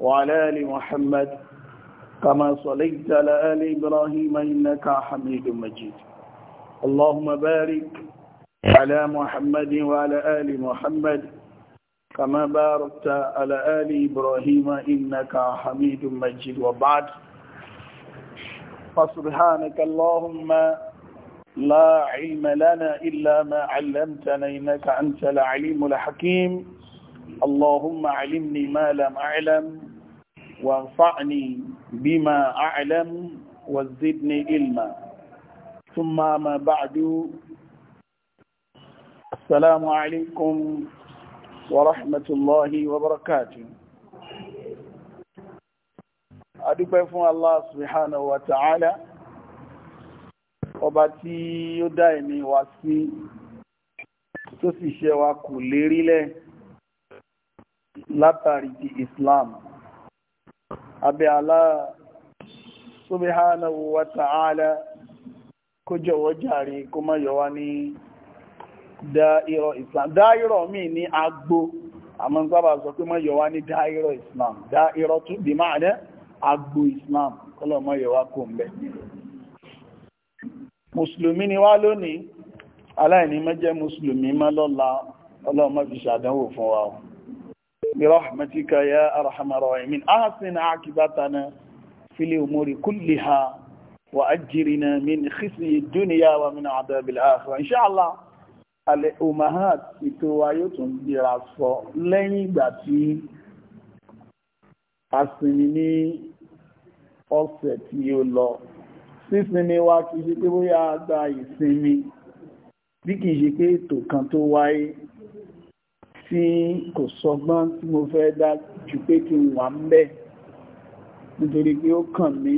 وعلى آل محمد كما صليت على آل إبراهيم إنك حميد مجيد اللهم بارك على محمد وعلى آل محمد كما باركت على آل إبراهيم إنك حميد مجيد وبعد فسبحانك اللهم لا علم لنا إلا ما علمتنا إنك أنت العليم الحكيم اللهم علمني ما لم أعلم وانفعني بما أعلم وزدني علما ثم ما بعد السلام عليكم ورحمة الله وبركاته adúpẹ́ fún Allah subhanahu wa ta'ala ọba tí ó dá ẹ̀mí wa sí tó sì ṣe wa kù lérílẹ̀ látàrí ti Islam abẹ́ Allah subhanahu wa ta'ala kó jọ̀wọ́ jàre kó má yọ wá ní dáírọ̀ islam dáírọ̀ mi ní agbó àmọ́ sábà sọ pé má yọ wá ní dáírọ̀ islam dáírọ̀ tún bí máa ní agbó islam kọ́lọ̀ má yọ wá kò ń bẹ̀ ni wá lónìí aláìní má musulmi mùsùlùmí má lọ́la ọlọ́run má fi ṣàdánwò fún wa o برحمتك يا أرحم الراحمين أحسن عاقبتنا في الأمور كلها وأجرنا من خزي الدنيا ومن عذاب الآخرة إن شاء الله al-umahat ètò ayé tó ń gbéra sọ lẹ́yìn ìgbà tí a sinmi ní ọ̀sẹ̀ tí ó lọ sísinmi wa kì í ṣe pé bóyá a gba ìsinmi bí kì í ṣe pé ètò kan tó wáyé tí kò sọgbọ́n tí mo fẹ́ dá jù pé kí n wà ń bẹ̀ nítorí pé ó kàn mí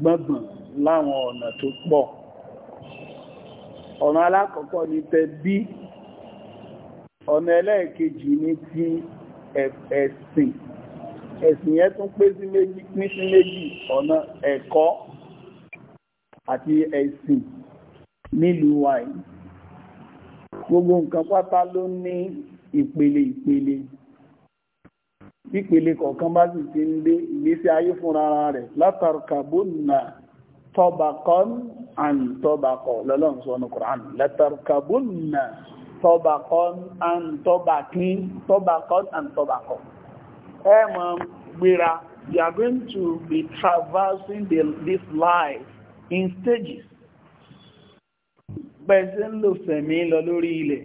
gbọ̀ngbọ̀n láwọn ọ̀nà tó pọ̀ ọ̀nà alákọ̀ọ́kọ́ ni tẹ bí ọ̀nà ẹlẹ́ẹ̀kejì ni ti ẹ̀sìn ẹ̀sìn yẹn tún pé sí méjì ní sí méjì ọ̀nà ẹ̀kọ́ àti ẹ̀sìn nílùú wa yìí gbogbo nǹkan pátá ló ní ìpele ìpele tí ìpele kọ̀ọ̀kan bá sì ti ń dé ìgbésí ayé fúnra rẹ̀ látàrkà bónà tọ́bakọ́n àn tọ́bakọ̀ lọ́lọ́run sọ ní Kùránì látàrkà bónà tọ́bakọ́n àn tọ́bakín tọ́bakọ́n àn tọ́bakọ̀ gbéra you are going to be traversing the, this life in stages bẹ́ẹ̀ sí ń lò sẹ̀mí lọ lórí ilẹ̀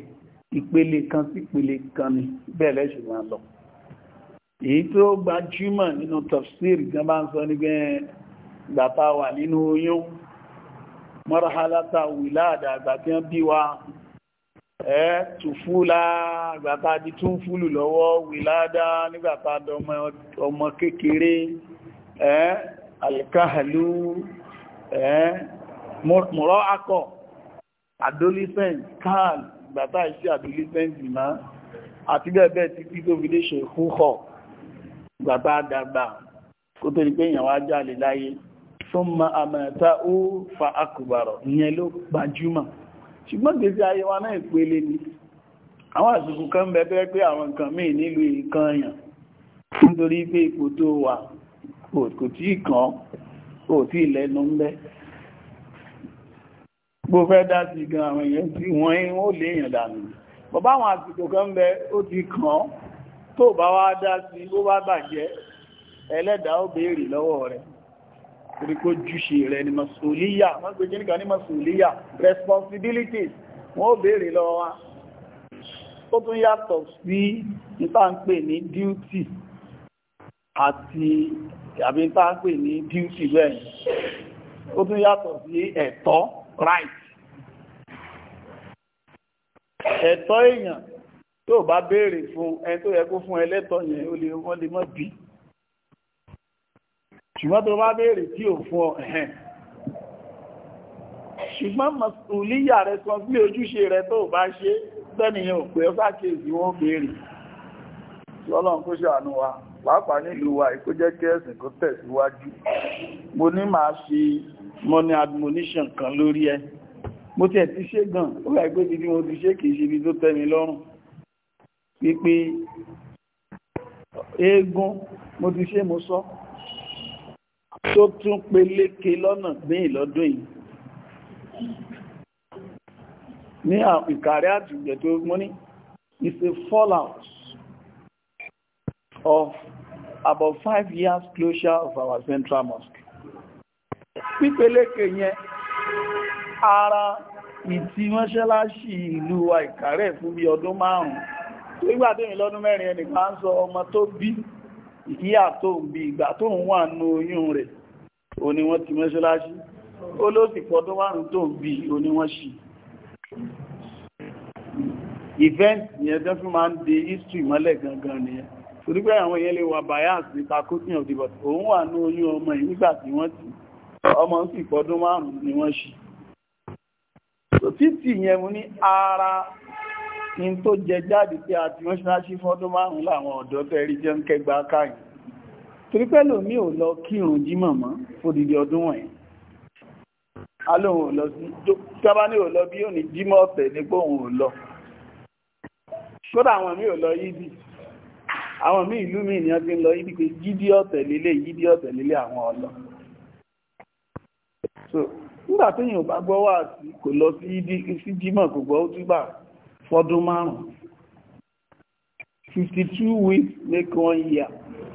ìpele kan sí ìpele kan ni bẹ́ẹ̀ lẹ́ṣù máa lọ èyí tó gbajúmọ̀ nínú tafsir gan bá ń sọ ní gẹ́ẹ̀ gbàtà wà nínú oyún mọ́rànlátà wìláàdà àgbàtí wọ́n bí wa ẹ́ tùfúlà àgbàtà di tún fúlù lọ́wọ́ wìláàdà nígbàtà ọmọ kékeré ẹ́ alkahalu ẹ́ mọ́rọ̀ akọ̀ adolescent káàlù gbàtà ìṣẹ́ àbílísẹ́ǹsì máa àti bẹ́ẹ̀bẹ́ẹ̀ títí tó fi lè ṣe kúkọ̀ gbàtà àdàgbà kó tó di pé èèyàn wá jáde láyé fún ma àmàta ó fa akùbàrọ̀ ìyẹn ló gbajúmọ̀ ṣùgbọ́n gbèsè ayé wa náà ìpele ni àwọn àsìkò kan bẹ́ẹ̀ pé àwọn nǹkan míì nílùú ìkan yàn nítorí pé ipò tó wà kò tí ì kàn ó tí ì lẹ́nu ń bẹ́ẹ̀ bó fẹ́ dá sí gan àwọn èèyàn tí wọ́n yí ó lè èèyàn dànù bọ̀bá àwọn àsìkò kan bẹ ó ti kàn tó bá wá dá sí ó bá bàjẹ́ ẹlẹ́dàá ó béèrè lọ́wọ́ rẹ̀ torí kó júṣe rẹ̀ ni masoliya wọ́n pè kí níkan ní masoliya responsibilities wọ́n ó béèrè lọ́wọ́ wa ó tún yàtọ̀ sí nípa ń pè ní duty àti àbí nípa ń pè ní duty bẹ́ẹ̀ ó tún yàtọ̀ sí ẹ̀tọ́ right ẹ̀tọ́ èèyàn tó bá béèrè fún ẹni tó yẹ kó fún ẹlẹ́tọ̀ yẹn ó lè wọ́n lè mọ́ bí ṣùgbọ́n tó bá béèrè tí ò fún ọ ẹ̀hẹ́n ṣùgbọ́n mọ̀sùlíyà rẹ̀ sọ bí ojúṣe rẹ̀ tó bá ṣe tẹ́nìyàn òpè ọ́sá kéèsì wọ́n béèrè lọ́lọ́run kó ṣàánú wa pàápàá nílùú wa ìkó jẹ́ kí ẹ̀sìn kó tẹ̀síwájú mo ní máa ṣe mo ní admonition kan lórí ẹ mo tiẹ̀ ti ṣe gan ó gbà pé ibi mo ti ṣe kìí ṣe ibi tó tẹ́ mi lọ́rùn wípé eégún mo ti ṣe mo sọ tó tún peléke lọ́nà gbé ìlọ́dún yìí ní ìkàrí àtìgbẹ̀ tó mú ní is a fallout of about five years closure of our central mosque pípelékè yẹn ara ìtì mọ́ṣáláṣí ìlú wa Ìkàrẹ́ fún bí ọdún márùn-ún tó ìgbà tó mi lọ́dún mẹ́rin ẹnìkan ń sọ ọmọ tó bí ìyá tó ń bí ìgbà tó ń wà ní oyún rẹ̀ o ni wọ́n ti mọ́ṣáláṣí ó ló sì pọ̀ tó márùn-ún tó ń bí o wọ́n ṣì event yẹn tó fún máa ń de history mọ́lẹ̀ gangan nìyẹn torípé àwọn yẹn lè wà bias ní takotin of the body òun wà ní oyún ọmọ yìí nígbà tí wọ́n ti ọmọ sì pọ̀dún márùn ni wọ́n ṣì títì yẹn mú ní ara ní tó jẹ jáde pé àti wọ́n ṣe láṣí fọ́dún márùn-ún láwọn ọ̀dọ́ tẹ́rí jẹ́ ń kẹgbà káyìn torí pẹ́lò mi ò lọ kírun jímọ̀ mọ́ fòdìdì ọdún wọ̀nyí alóhun ò lọ sí tọ́bá ní ò lọ bí ò ní jímọ̀ ọ̀tẹ̀ ní pé òun ò lọ kódà àwọn mi ò lọ yídì àwọn mi ìlú mi ìyàn ti ń lọ yídì pé yídì ọ̀tẹ̀ lélẹ̀ yídì ọ̀tẹ̀ lélẹ̀ àwọn ọlọ́ọ̀ so nígbà tí èèyàn bá gbọ́ wà sí kò lọ sí jímọ̀ kò gbọ́ ó túbà fọdún márùn-ún 52 weeks make one year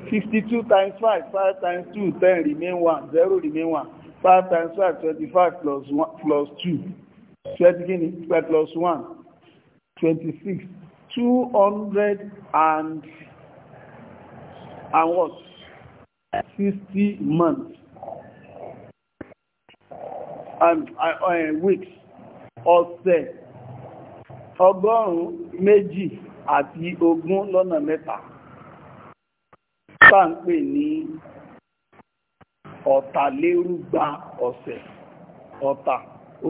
52 times 5 5 times 2 10 remain 1 0 remain 1 5 times 5 25 plus 1 plus 2 20 plus 1 26 200 and and what 60 months Uh, uh, weeks ọ̀sẹ̀ ọgọ́rùn-ún méjì àti ogún lọ́nà mẹ́ta tá ń pè ní ọ̀tàlérúgba ọ̀sẹ̀ ọ̀tà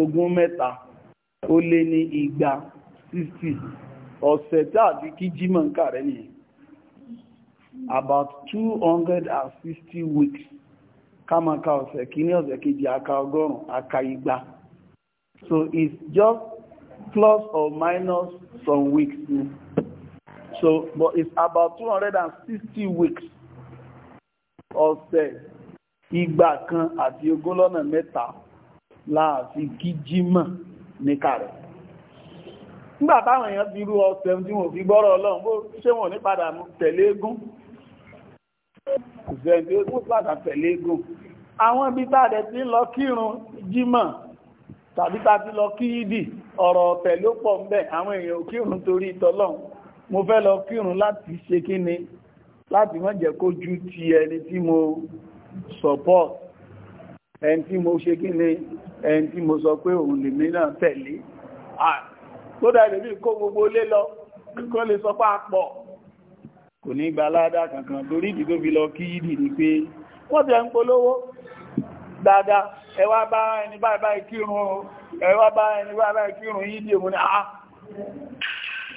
ogún mẹ́ta ó lé ní igba 60 ọ̀sẹ̀ tàbí kí jímọ̀ ń kà rẹ̀ nìyẹn about 260 weeks ká máa ka ọ̀sẹ̀ kìíní ọ̀sẹ̀ kejì àka ọgọ́rùn-ún àka igba so it's just plus or minus some weeks so but it's about two hundred and sixty weeks ọ̀sẹ̀ igba kan àti ogún lọ́nà mẹ́ta láàfin kí jímọ̀ ní kàrẹ̀ nígbà táwọn èèyàn ti rú ọ̀sẹ̀ tí wọ́n fi gbọ́rọ̀ ọlọ́run bó ṣé wọ́n ní padà tẹ̀lé egún kò sẹ́ni tí ó tún tẹ̀lé eégún àwọn ibi tá a dẹ̀ ti lọ kírun jímọ̀ tàbí tá a ti lọ kí ìdì ọ̀rọ̀ ọ̀tẹ̀ ló pọ̀ ń bẹ̀ àwọn èèyàn ò kírun torí tọlọ́run mo fẹ́ lọ kírun láti ṣe kí ni láti má jẹ́ kó ju ti ẹni tí mo support ẹni tí mo ṣe kí ni ẹni tí mo sọ pé òun lèmi náà tẹ̀lé kódà ìlú kó gbogbo lé lọ kó lè sọ pé àpọ̀ kò ní gba aládá kankan torí ìdí tó fi lọ kí ìdí ni pé wọ́n tẹ́ ń polówó dáadáa ẹ wá bá ẹni báyìí kírun ẹ wá bá ẹni báyìí kírun ìdí òun ni àá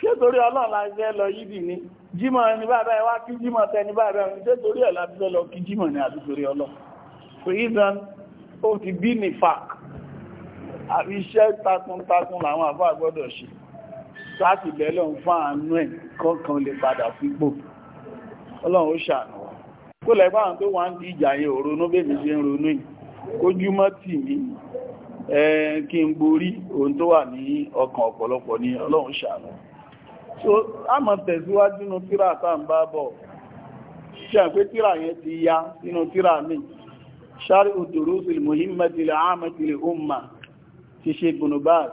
ṣé torí ọlọ́ọ̀lá iṣẹ́ lọ ìdí ni jímọ̀ ẹni báyìí wá kí jímọ̀ tẹni báyìí ṣé torí ẹ̀ láti ti bí ní fàk àbí iṣẹ́ takuntakun làwọn àfáà gbọ́dọ̀ ṣe láti bẹ̀lọ́ fún àánú ẹ̀ kọ́kan lè padà ọlọ́run ó ṣàánú wa kó lẹ́gbà àwọn tó wà ń di ìjà yẹn òrónú bèbí ṣe ń ronú yìí kójúmọ́ tì mí kí n borí ohun tó wà ní ọkàn ọ̀pọ̀lọpọ̀ ní ọlọ́run ṣàánú so a mọ̀ tẹ̀síwájú nínú tíra táà ń bá bọ̀ ṣe àpé tíra yẹn ti ya nínú tíra mi ṣárí òdòrò sí mohimmedile ahmedile umma ti ṣe gbùnúbáàs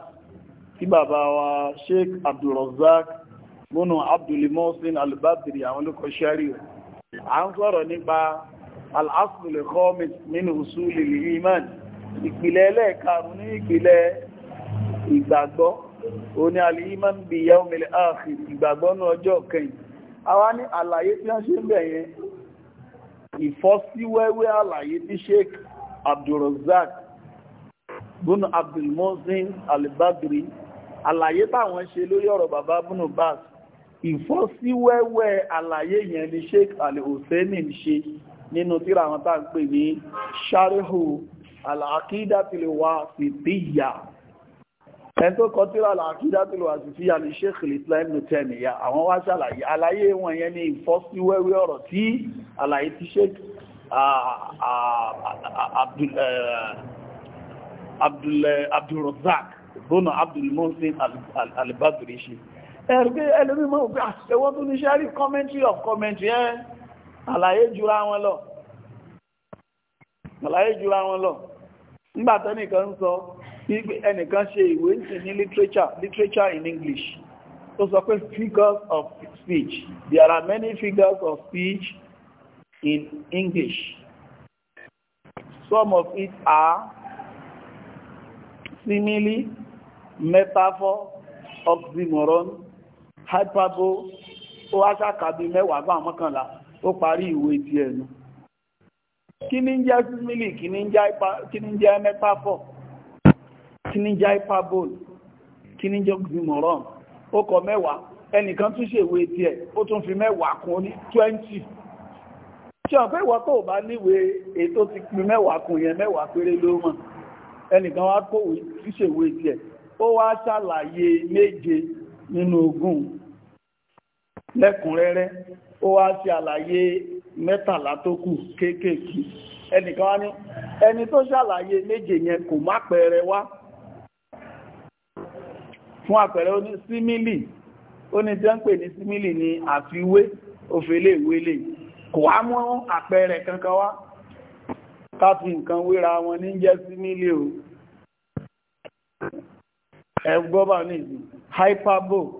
tí bàbá wa sheik abdulrazak múnú abdulmohsen albadri àwọn olùkọ́ sẹ́rí rẹ̀ à ń sọ̀rọ̀ nípa al-asulul khamis nínú usulil iman ìpìlẹ̀ ẹlẹ́ẹ̀karùn ní ìpìlẹ̀ ìgbàgbọ́ òní al-iman bi yawmil akhir ìgbàgbọ́ ní ọjọ́ kẹyìn àwa ní àlàyé tí wọ́n ṣe ń bẹ̀ yẹn ìfọ́síwẹ́wẹ́ àlàyé tí sheik abdulrazak bùnú abdulmohsen albadri àlàyé táwọn ṣe lórí ọ̀rọ̀ bàbá bùnú bas ìfọ́síwẹ́wẹ́ àlàyé yẹn ni sheik al-hussein ń ṣe nínú tíra àwọn tá ń pè ní sharihu al-aqidatil wasitiyya ẹni tó kọ tíra al-aqidatil wasitiyya ni sheik al-islam ibn taymiya àwọn wá ṣàlàyé àlàyé wọn yẹn ni ìfọ́síwẹ́wẹ́ ọ̀rọ̀ tí àlàyé ti sheik abdulrazak bono abdulmohsen al-badri ẹ̀rùgbé ẹlòmímọ̀ òpin àṣẹwọ́ ah, tó ní ṣẹ́rí commentary of commentary ẹ́ àlàyé jura wọn lọ àlàyé jura wọn lọ nígbàtọ́ nìkan ń sọ ẹnìkan ṣe ìwé ní literature literature in English tó sọ pé figures of speech there are many figures of speech in English some of it are simile metaphor oxymoron hyperbo ó wá ṣàkàbí mẹ́wàá bá mọ́kànlá ó parí ìwé ti ẹ̀nu kí ní jẹ́ sísmílì kí ní jẹ́ mẹ́pàfọ́ kí ní jẹ́ hyperbol kí ní jẹ́ gbìmọ̀rán ó kọ mẹ́wàá ẹnìkan tún ṣèwé ti ó tún fi mẹ́wàá kún ní 20 ti pin mẹ́wàá kún yẹn mẹ́wàá péré ló mọ̀ ẹnìkan wá kó ó wá ṣàlàyé méje nínú lẹ́kùnrẹ́rẹ́ ó wá sí àlàyé mẹ́tàlá tó kù kéékèèké ẹnìkan wá ní ẹni tó ṣàlàyé méje yẹn kò má pẹ̀rẹ̀ wá fún àpẹẹrẹ ó ní símílì ó ní jẹ́ ń pè ní símílì ní àfiwé òfèlè ìwélè kò wá mú àpẹẹrẹ kankan wá ká nǹkan wéra wọn ní jẹ́ símílì o ẹgbọ́bà ní hyperbole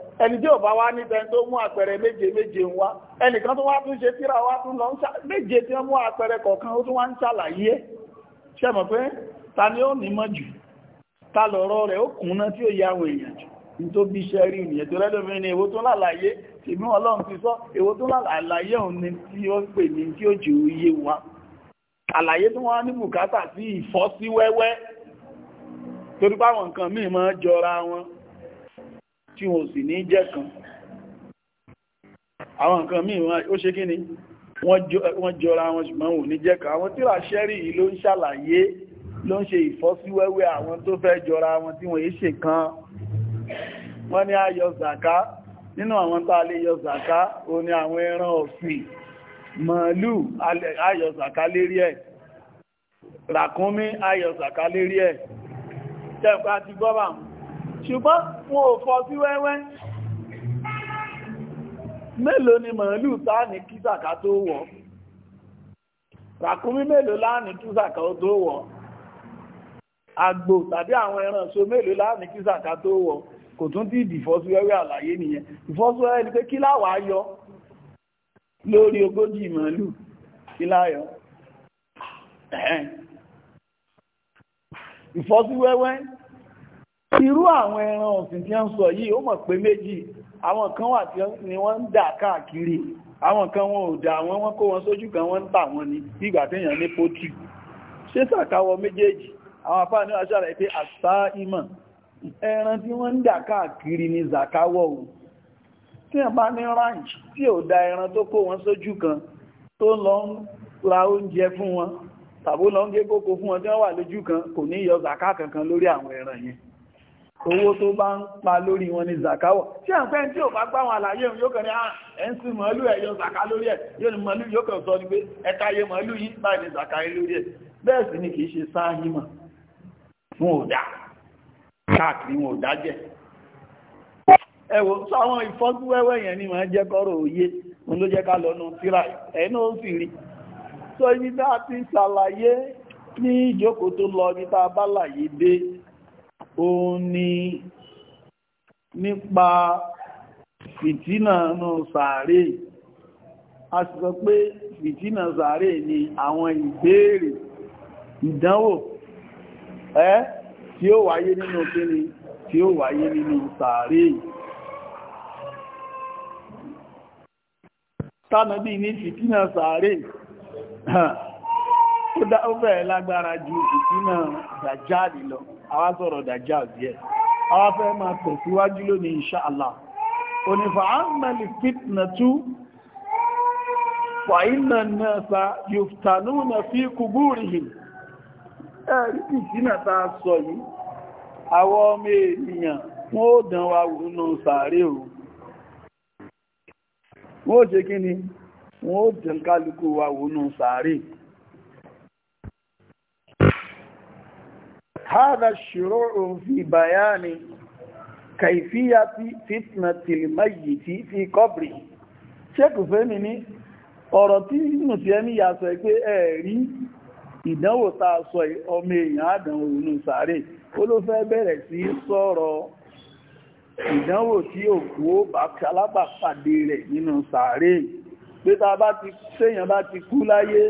ẹni tí ò bá wá níbẹ̀ tó mú àpẹẹrẹ méje méje ń wá ẹnìkan tó wá tún ṣe tíra wá tún lọ méje tí wọ́n mú àpẹẹrẹ kọ̀ọ̀kan ó tún wá ń ṣàlàyé ẹ̀ ṣe mọ̀ pé ta ni ó nímọ̀ jù ta lọ̀rọ̀ rẹ̀ ó kùnná tí ó ya àwọn èèyàn jù ní tó bí iṣẹ́ rí ìyẹn tó lẹ́lómi ni èwo tó lálàyé tèmi ọlọ́run ti sọ èwo tó lálàyé òun ni tí ó pè ní tí ó jù iye wa àlàyé tí wọ́n ní bùkátà sí ìfọ́síwẹ́wẹ́ torí báwọn nǹkan míì máa jọra wọn tí wọ́n sì ní jẹ́ kan àwọn nǹkan míì ó ṣe kí ni wọ́n jọra wọn ṣùgbọ́n wò ní jẹ́ kan àwọn tíra ṣẹ́rì yìí ló ń ṣàlàyé ló ń ṣe ìfọ́síwẹ́wẹ́ àwọn tó fẹ́ jọra wọn tí wọ́n yìí ṣe kan wọ́n ní ayọ zaka nínú àwọn tá a lè yọ zaka o ní àwọn ẹran ọ̀sìn màálù ayọ zaka lérí ẹ̀ ràkúnmí ayọ zaka lérí ẹ̀ tẹ́ẹ̀kọ́ àti gbọ́bàmù ṣùgbọ́n wọn ò fọ́ sí wẹ́wẹ́ mélòó ni màálù táàní kí sàkà tó wọ̀ ràkúnmí mélòó láàní kí sàkà tó wọ̀ àgbò tàbí àwọn ẹran so mélòó láàní kí sàkà tó wọ̀ kò tún tí ìdí ìfọ́síwẹ́wẹ́ àlàyé nìyẹn ìfọ́síwẹ́wẹ́ ni pé kí láwàá yọ lórí ogójì màálù kí láyọ ìfọ́síwẹ́wẹ́ iru àwọn ẹran ọ̀sìn tí a ń sọ yìí ó mọ̀ pé méjì àwọn kan wà tí wọ́n ń dà káàkiri àwọn kan wọn ò dà wọ́n wọ́n kó wọn sójú kan wọ́n ń tà ni igba ìgbà téèyàn ní pọ́tì ṣé sàkáwọ méjèèjì àwọn afá ní aṣára ẹ̀ pé àṣà ìmọ̀ ẹran tí wọ́n ni zàkáwọ̀ o tí wọ́n bá ní da ẹran tó kó wọn sójú kan tó lọ ra oúnjẹ fún wọn tàbí lọ ń gé kókó fún wọn tí wọ́n wà kan kò ní yọ kankan lórí àwọn ẹran yẹn owó tó bá ń pa lórí wọn ni zakawa tí à ń pẹ́ tí ò bá gbá àlàyé òun yóò kàn ní ah, ẹ̀ǹsì màálù ẹ̀yọ zaka lórí ẹ̀ yóò ní màálù yóò kàn sọ ní pé ẹ̀ka ayé màálù yìí báyìí ní zaka lórí ẹ̀ bẹ́ẹ̀ sì ni í ṣe sáàyìmọ̀ fún òdá káàkiri wọn òdá jẹ́ ẹ̀wọ̀ sọ àwọn ìfọ́síwẹ́wẹ́ yẹn ni màá jẹ́ kọ́rọ̀ òye òun ló jẹ́ ká lọ nu tíra ẹ̀ náà ó sì rí sọ ibi tá a ti ṣàlàyé ní ìjókòó tó lọ ibi tá a bá dé òun ni nípa fìtínà nù sàárè a sì sọ pé fìtínà sàárè ni àwọn ìbéèrè ìdánwò ẹ́ tí ó wáyé nínú kíni tí ó wáyé nínú sàárè tánàbí ní fìtínà sàárè ó dá ó bẹ̀rẹ̀ lágbára ju fìtínà dàjáàdì lọ àwa sọ̀rọ̀ Dajjal díẹ̀ àwa fẹ́ máa tẹ̀síwájú lónìí insha Allah onífà ámàlì fitnatu fa inna an-nasa yuftanuna fi kuburihim ẹ̀rí fìtínà tá a sọ wọ́n ó ṣe kí ni wọ́n ó dán kálukú wa wò nínú sàárè هذا الشروع في بيان كيفية فتنة الميت في قبره Sheikh Fẹ́mi ní ọ̀rọ̀ tí inú ti ẹni yà sọ pé ẹ̀rí ìdánwò tá a sọ ọmọ èèyàn àdánwò inú sàárè ó ló fẹ́ bẹ̀rẹ̀ sí sọ̀rọ̀ ìdánwò tí òkú ó bá alábàpàdé rẹ̀ nínú sàárè pé tá a bá ti séèyàn bá ti kú láyé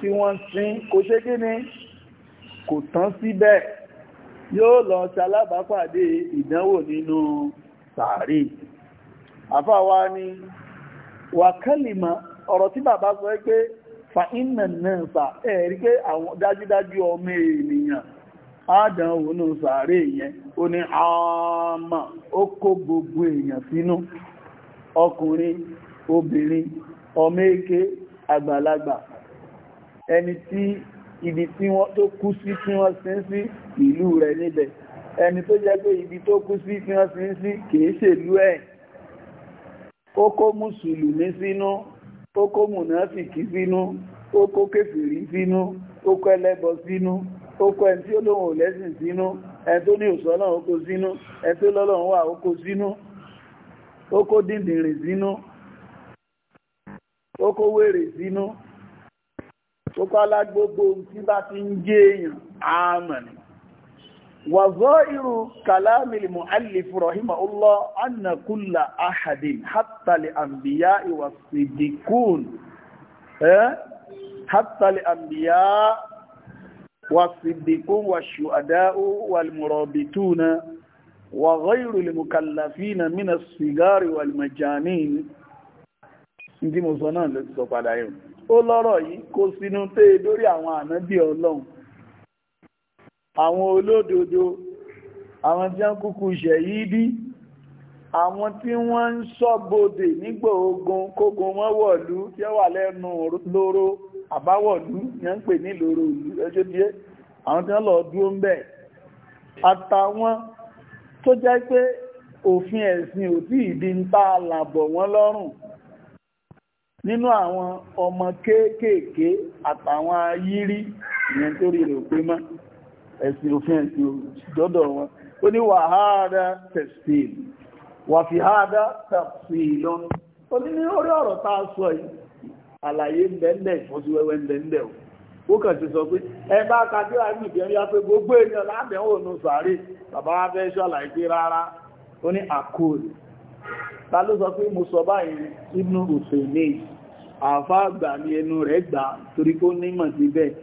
tí wọ́n sin kò ṣe kí ni kò tán síbẹ̀ yóò lọ ṣalábàápàdé ìdánwò nínú sàárè wa ni wàkálìmà ọ̀rọ̀ tí bàbá sọ pé fa iná náà sà ẹ̀rí pé àwọn dájúdájú ọmọ ènìyàn yẹn àmà ó gbogbo èèyàn sínú ọkùnrin obìnrin ọmọ àgbàlagbà ẹni tí ibi tí wọ́n tó kú sí tí wọ́n sin sí ìlú rẹ̀ níbẹ̀ ẹni tó jẹ́ pé ibi tó kú sí tí wọ́n sin sí kìí ṣèlú ẹ̀ ó kó mùsùlùmí sínú ó kó mùnáfìkì sínú ó kó sínú ó ẹlẹ́bọ sínú ó ẹni tí ó lóhun lẹ́sìn sínú ẹni tó ní òṣù ọlọ́run ó sínú ẹni tó lọ́lọ́run wà ó sínú ó kó sínú ó wèrè sínú kọ́lá gbogbo tí bá ti ń jẹ́ èèyàn àmàni wàzọ́ irú kàlámìlì mọ̀álìfù rahimahullah annakula ahadin hattali àmbíyá ìwà sidikun hattali àmbíyá wà sidikun wà ṣùadá'u wàlmùrọ̀bìtúna wà ghairu limukallafina ó lọ́rọ̀ yìí kó sínú tẹ́ lórí àwọn ànábì ọlọ́run àwọn olódodo àwọn tí wọ́n kúkú ṣẹ̀yídí àwọn tí wọ́n ń ṣọ́bodè ogun kógun wọ́n wọ̀lú tí wọ́n wà lẹ́nu lóró àbáwọ̀lú ni wọ́n ń pè ní lóró ìlú ẹjọ́ díẹ̀ àwọn tí wọ́n lọ dúró ń bẹ̀ àtàwọn tó nínú àwọn ọmọ kéékèèké àtàwọn ayírí ìyẹn tó rí rẹ̀ pé mọ́ ẹ̀sìn òfin ẹ̀sìn òdọ́dọ̀ wọn ó ní wàhálà tẹ̀sìn wàfíhádá tẹ̀sìn ó ní orí ọ̀rọ̀ tá a sọ yìí àlàyé ń bẹ́ńdẹ̀ ìfọ́síwẹ́wẹ́ ń bẹ́ńdẹ̀ ó kàn ti sọ pé ẹ bá kájú àìmì ìbí ẹ̀rí pé gbogbo èèyàn lábẹ́ òun sàárè bàbá wa fẹ́ ṣàlàyé pé rárá ó ní àkóòlù ta ló sọ pé mo sọ báyìí ibnu òsèlè àfá àgbà ní ẹnu rẹ̀ gbà torí kó nímọ̀ sí bẹ́ẹ̀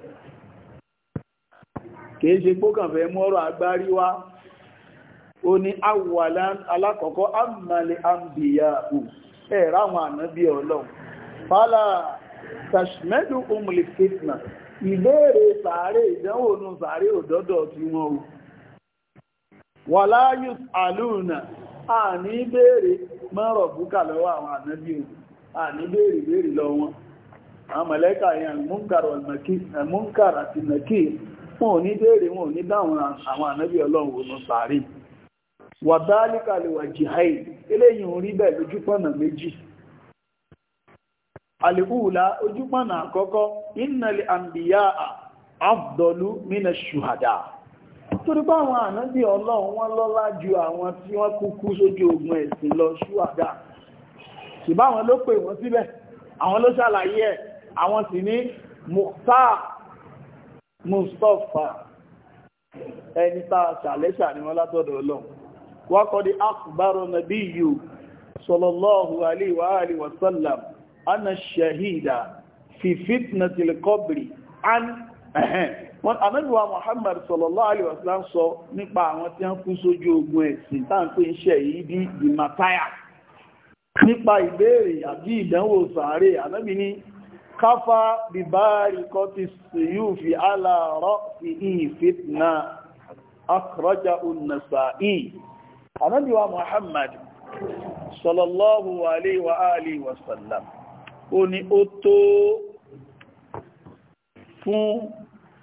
kìí ṣe pókàn fẹ́ mú ọ̀rọ̀ agbárí wá ó ní àwọ̀lá alákọ̀ọ́kọ́ àmàlẹ̀ àmbìyà ò ẹ̀rá àwọn ọlọ́run fàálà umli fitna ìbéèrè sàárè ìdánwò nù sàárè òdọ́dọ̀ tí àlúùnà a ní béèrè mọ́rọ̀ búkà lọ́wọ́ àwọn ànábí a ní lọ wọn àwọn mọ̀lẹ́kà yẹn eh, àti nàkí wọn ò ní wọn ò ní dáhùn àwọn ànábí ọlọ́run ònú sàárì wàdálíkà lè wà jìháì eléyìí ń rí bẹ́ẹ̀ lójúpọ̀nà méjì àlèkúùlá ojúpọ̀nà àkọ́kọ́ ìnnàlè àmbìyà àfdọ̀lú mínà ṣùhàdà torí bá àwọn ànábì ọlọ́run wọ́n lọ́lá ju àwọn tí wọ́n kúkú sójú ogun ẹ̀sìn lọ ṣúwàdà ṣùgbọ́n àwọn ló pè wọ́n síbẹ̀ àwọn ló ṣàlàyé ẹ̀ àwọn sì ní Mukhtar Mustapha ẹni tá a ṣàlẹ́ṣà ni wọ́n látọ̀dọ̀ ọlọ́run wọ́n kọ́ di akùbárò nàbí yìí sọlọ́lọ́hu aléwàálì wàsálàm ana wọ́n anábíwá Muhammad sallallahu alaihi wasallam sọ nípa àwọn tí wọ́n kú sójú ogun ẹ̀sìn táǹpé iṣẹ́ yìí bí ìmàtáyà nípa ìbéèrè àbí ìdánwò sàárè anábí ní káfá bíbáàrí kọ́tí sèyúfì aláàrọ́ sí ìfitna akọrọjà an-Nasa'i anábíwá Muhammad sallallahu alaihi wa alihi ó ní ó tó fún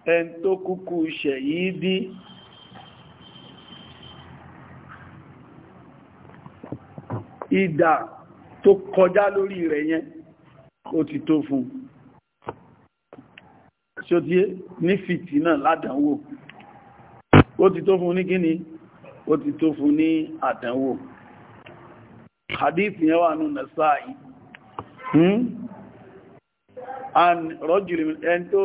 ẹn tó kúkú ṣẹ̀yídí ìdà tó kọjá lórí rẹ̀ yẹn ó ti tó fún ṣódíé ní fìtínà ládánwò ó ti tó fún ní kíni ó ti tó fún ní àdánwò hadith yẹn wà nù Nasa'i hmm? an rọ́jùlẹ̀ ẹn tó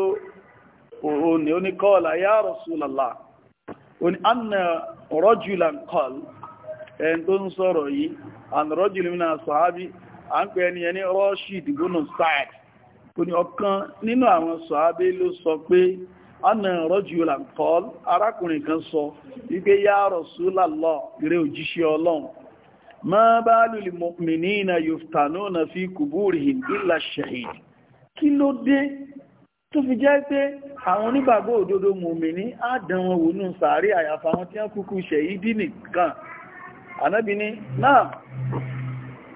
òun ni ó ní kọ́ọ̀lá yá rọ̀súlọ́lá anna rọ́jùlan kọ́l ẹn tó ń sọ̀rọ̀ yìí an rọ́jùlmínà sọ̀hábí a ń pè na ẹni rọ́ṣìd gúnnù sáàd kò ní ọ̀kan nínú àwọn sọ̀hábí ló sọ pé anna rọ́jùlan kọ́l arákùnrin kan sọ pe, a na rẹ òjíṣẹ́ ọlọ́run ma bá lùlì mọ̀mìnínà yuftanuna fi kùbúrìhìn illa shahid kí ló dé tó fi jẹ́ pé àwọn onígbàgbọ́ òdodo mùmìní àdánwò wònú sàárè àyàfà àwọn tí wọ́n kúkú ṣẹ̀yídì nìkan ànábì ní náà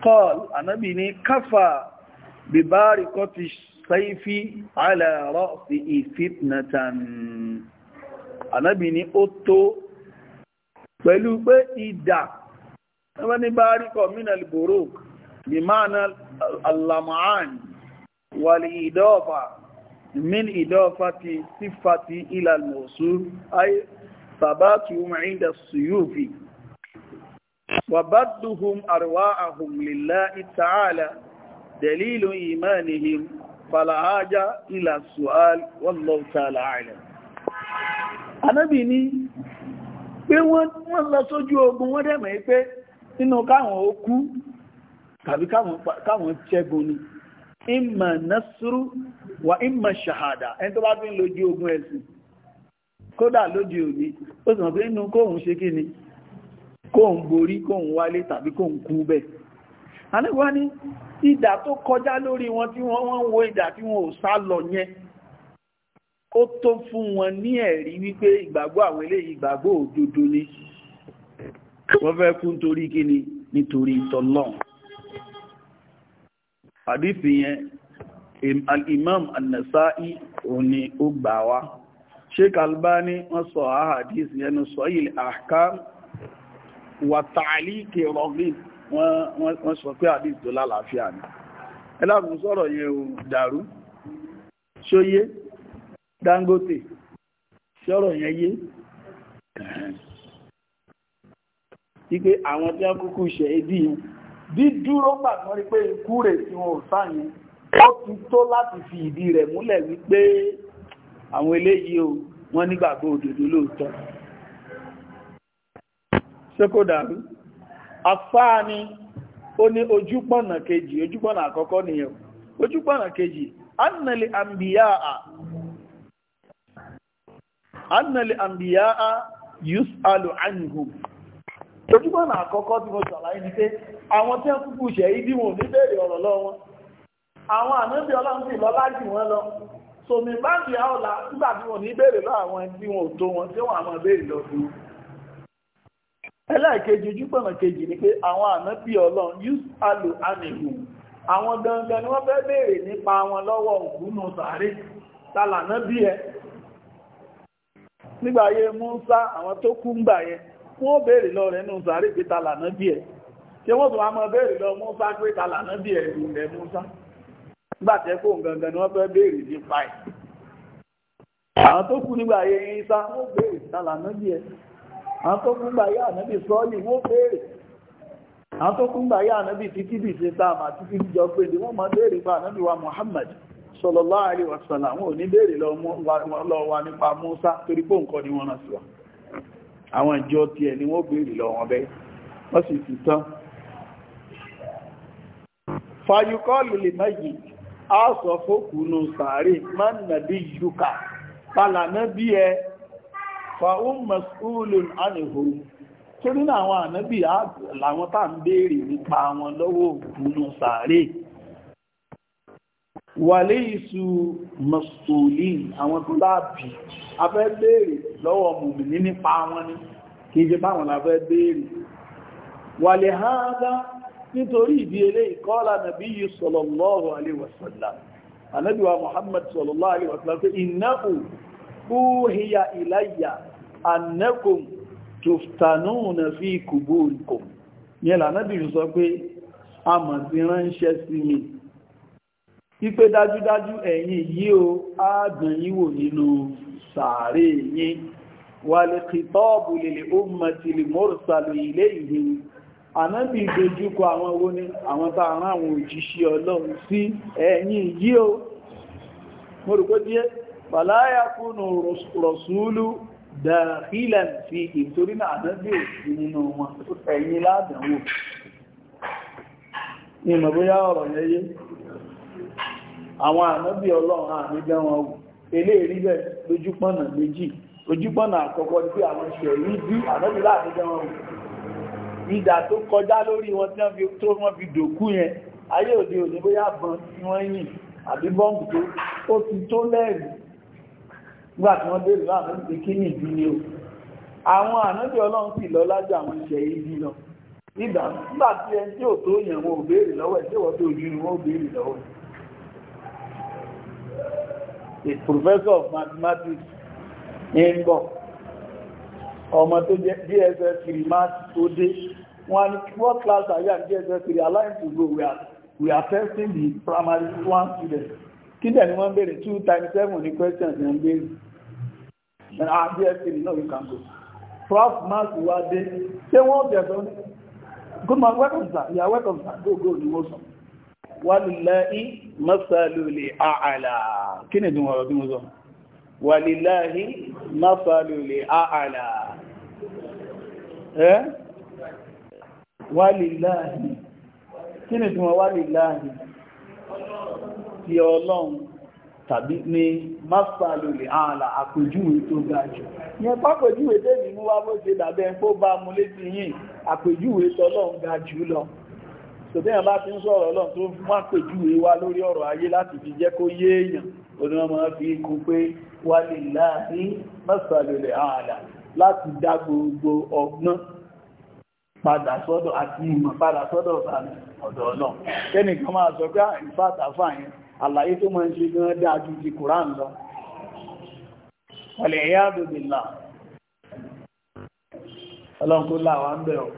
kọl ànábì ní káfà bìbáàrí kọ́ ti sáífí aláàrọ̀ sí ìfitnatan ànábì ó tó pẹ̀lú pé ìdà wọ́n ní báàrí kọ́ min idafati sifati ila al-mawsul ay thabatuhum 'inda as-suyufi wa badduhum arwa'ahum lillahi ta'ala dalilu imanihim fala haja ila su'al wallahu ta'ala a'lam Ànábì ní pé wọ́n lọ sójú ogun wọ́n dẹ̀ mọ̀ pé nínú káwọn ó kú tàbí káwọn ṣẹ́gun ni ìmọ̀ nasru wà ìmọ̀ shahada ẹni tó bá fi ń lójú ogun ẹ̀sìn kódà lójú òní ó sì mọ̀ pé inú kóhun ṣe kí ni kóhun borí kóhun wálé tàbí kóhun kú bẹ́ẹ̀ àníwá ní ìdà tó kọjá lórí wọn tí wọ́n wọ́n wo tí wọn ò sá lọ yẹn ó tó fún wọn ní ẹ̀rí wípé ìgbàgbọ́ àwọn eléyìí ìgbàgbọ́ ni wọ́n fẹ́ kú nítorí kí ni nítorí ìtọ́lọ́run àdífì yẹn al-imam an-nasa'i òní ó gbà wá sheik albani wọ́n sọ àhàdís yẹnu sọ ilẹ̀ ahkam wà ta'aliki rọ̀gbìn wọ́n sọ pé àdís tó lálàáfíà ni ẹlágùn sọ̀rọ̀ yẹn ò dàrú ṣóyé dangote sọ̀rọ̀ yẹn yé wípé àwọn tí wọ́n kúkú ṣe é yẹn dídúró gbàgbọ́ rí pé ikú rẹ̀ tí wọn ò sáyẹn ó ti tó láti fi ìdí rẹ̀ múlẹ̀ wípé àwọn eléyìí o wọ́n nígbàgbọ́ òdòdó lóòtọ́ ṣé kò dàrú afáà ni ó ní ojúpọ̀nà kejì ojúpọ̀nà àkọ́kọ́ nìyẹn ojúpọ̀nà kejì annali ambiya'a annali ambiya'a anhum ojúmọ́ náà àkọ́kọ́ tí mo ṣàlàyé pé àwọn tí wọ́n kúkú yìí wọn ò ní béèrè ọ̀rọ̀ lọ́wọ́ wọn àwọn ànábì ọlọ́run sì lọ láti wọn lọ sòmí báńkì àọ̀la nígbà tí wọn ò ní lọ àwọn tí wọn ò wọn tí wọn àwọn lọ ẹlẹ́ẹ̀kejì kejì ni pé àwọn ọlọ́run yus àwọn gangan ni wọ́n fẹ́ nípa wọn lọ́wọ́ wọ́n béèrè lọ rẹ̀ nù sàárè pé lànà béèrè lọ ta lànà bí ẹ̀ ìrìnlẹ̀ gbàtẹ́ kó gangan ni wọ́n fẹ́ béèrè nípa ẹ̀ àwọn tó kú nígbà ayé béèrè lànà àwọn tó kú nígbà ayé ànábì sọ́ọ̀lì béèrè àwọn tó kú nígbà ayé títí bì ṣe títí jọ pé ni wọ́n máa béèrè pa ànábì wa Muhammad lọ nípa torí ni àwọn ìjọ ti ẹ̀ ni wọ́n béèrè lọ wọn bẹ́ wọ́n sì ti tán fàyíkọ́lù lè mẹ́yì a sọ fókùnù sàárè máa nàbí yúkà pàlànà bí ẹ fàún masúlù ánìhò torí náà àwọn ànábì làwọn tá ń béèrè nípa wọn lọ́wọ́ òkúnù sàárè wà léyìí su masúlù àwọn tó láàbì afẹ́ béèrè lọ́wọ́ mùmìnì nípa wọn ní kí ṣe báwọn láfẹ́ béèrè wà lè ha dá nítorí ìdí ilé ìkọ́lá nàbí yìí sallallahu alaihi wasallam anábíwa Muhammad sallallahu alaihi wasallam pé innahu uhiya wípé dájúdájú ẹ̀yin yìí o ágbọ̀n yín wò nínú sàárè yín wàlẹ̀kìtọ́ọ̀bù lèlè ó mọ̀tìlì mọ́rùsàlù ilé ìhè ànábì dojúkọ àwọn owó ní àwọn tá àrán àwọn òjíṣẹ́ ọlọ́run sí ẹ̀yìn yí o mọ́rùkó díẹ̀ bàláyà kúnnù rọ̀súlù dàfílẹ̀ fi ìtorí náà àwọn ànábì ọlọ́run àmì dán wọn wò eléèrí bẹ́ẹ̀ lójúpọ̀nà méjì ojúpọ̀nà àkọ́kọ́ tí àwọn ṣẹ̀rí bí ànábì láàmì dán wọn wò ìdà tó kọjá lórí wọn tí wọ́n fi dòkú yẹn ayé òde òní bóyá bọ́n tí wọ́n yìn àbí bọ́ǹbù tó ó ti tó lẹ́ẹ̀rì nígbà tí wọ́n bèèrè láàmì ti kí ní ìdí ni o àwọn ànábì ọlọ́run sì lọ lájà àwọn ìṣẹ̀rí bí lọ nígbà tí ẹni tí ò tó yẹn wọn ò béèrè lọ́wọ́ ẹ̀ tí wọ́n tó ojú ni wọ́n ò béèrè lọ́wọ́ ẹ̀ is professor of mathematics in ń bọ̀ ọmọ tó jẹ́ dss three math tó dé wọ́n ní what class are you at dss three allowing to go we are we are testing the primary one student kí dẹ̀ ni wọ́n béèrè two times seven ní questions ní ń Then and ah dss three no you can go prof math wá dé ṣé wọ́n bẹ̀rẹ̀ good man welcome sir you are welcome sir go go ni wọ́n sọ wàlìláì masalùlì àlà kí ni ìdúnwọ̀rọ̀ bí mo sọ wàlìláì masalùlì àlà ẹ́ wàlìláì kí ni ìdúnwọ̀ wàlìláì ti ọlọ́run tàbí ní masalùlì àlà àpèjúwe tó ga jù yẹn pápèjúwe tẹ́lì mú wá bó ṣe dàbẹ́ fó bá mú létí yìí àpèjúwe tọ́lọ́run ga jù lọ tòbíyàn bá ti ń sọ̀rọ̀ ọlọ́run tó wá pèjúwe wa lórí ọ̀rọ̀ ayé láti fi jẹ́ kó yé èèyàn onímọ̀ fi kú pé wà lè láàrin mọ́sàlẹ̀lẹ̀ ààlà láti dá gbogbo ọgbọ́n padà sọ́dọ̀ àti ìmọ̀ padà sọ́dọ̀ ọ̀dọ̀ ọlọ́run kẹ́nìkan máa sọ pé ìfàtàfà ah, yẹn àlàyé tó máa ń ṣe gan dájú ti kùrán lọ ọlẹ̀ ẹ̀yà àdòdìlà ọlọ́run kó láwàá ń bẹ̀rọ̀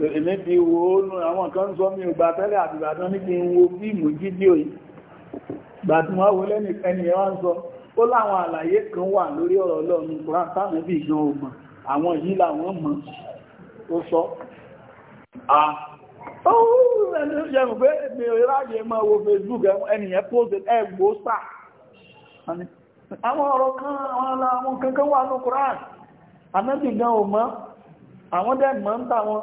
èmi ti wo nù àwọn kan sọ mi ò gbà tẹ́lẹ̀ àtìgbàtán ní kí n wo fíìmù fídíò yìí gbà tí wọ́n wo lẹ́nì ẹni ẹwà ń sọ ó láwọn àlàyé kan wà lórí ọ̀rọ̀ ọlọ́run kùrán sáàmù bí ìṣàn ògbọ̀n àwọn yìí làwọn mọ̀ ó sọ yẹnu pé mi ò ráyè máa wo Facebook ẹnìyàn pọ́sẹ̀ ẹgbò sáà àwọn ọ̀rọ̀ kan àwọn kankan wà ní kùrán anábì gan ò mọ̀ àwọn dẹ̀ mọ̀ ń tà wọn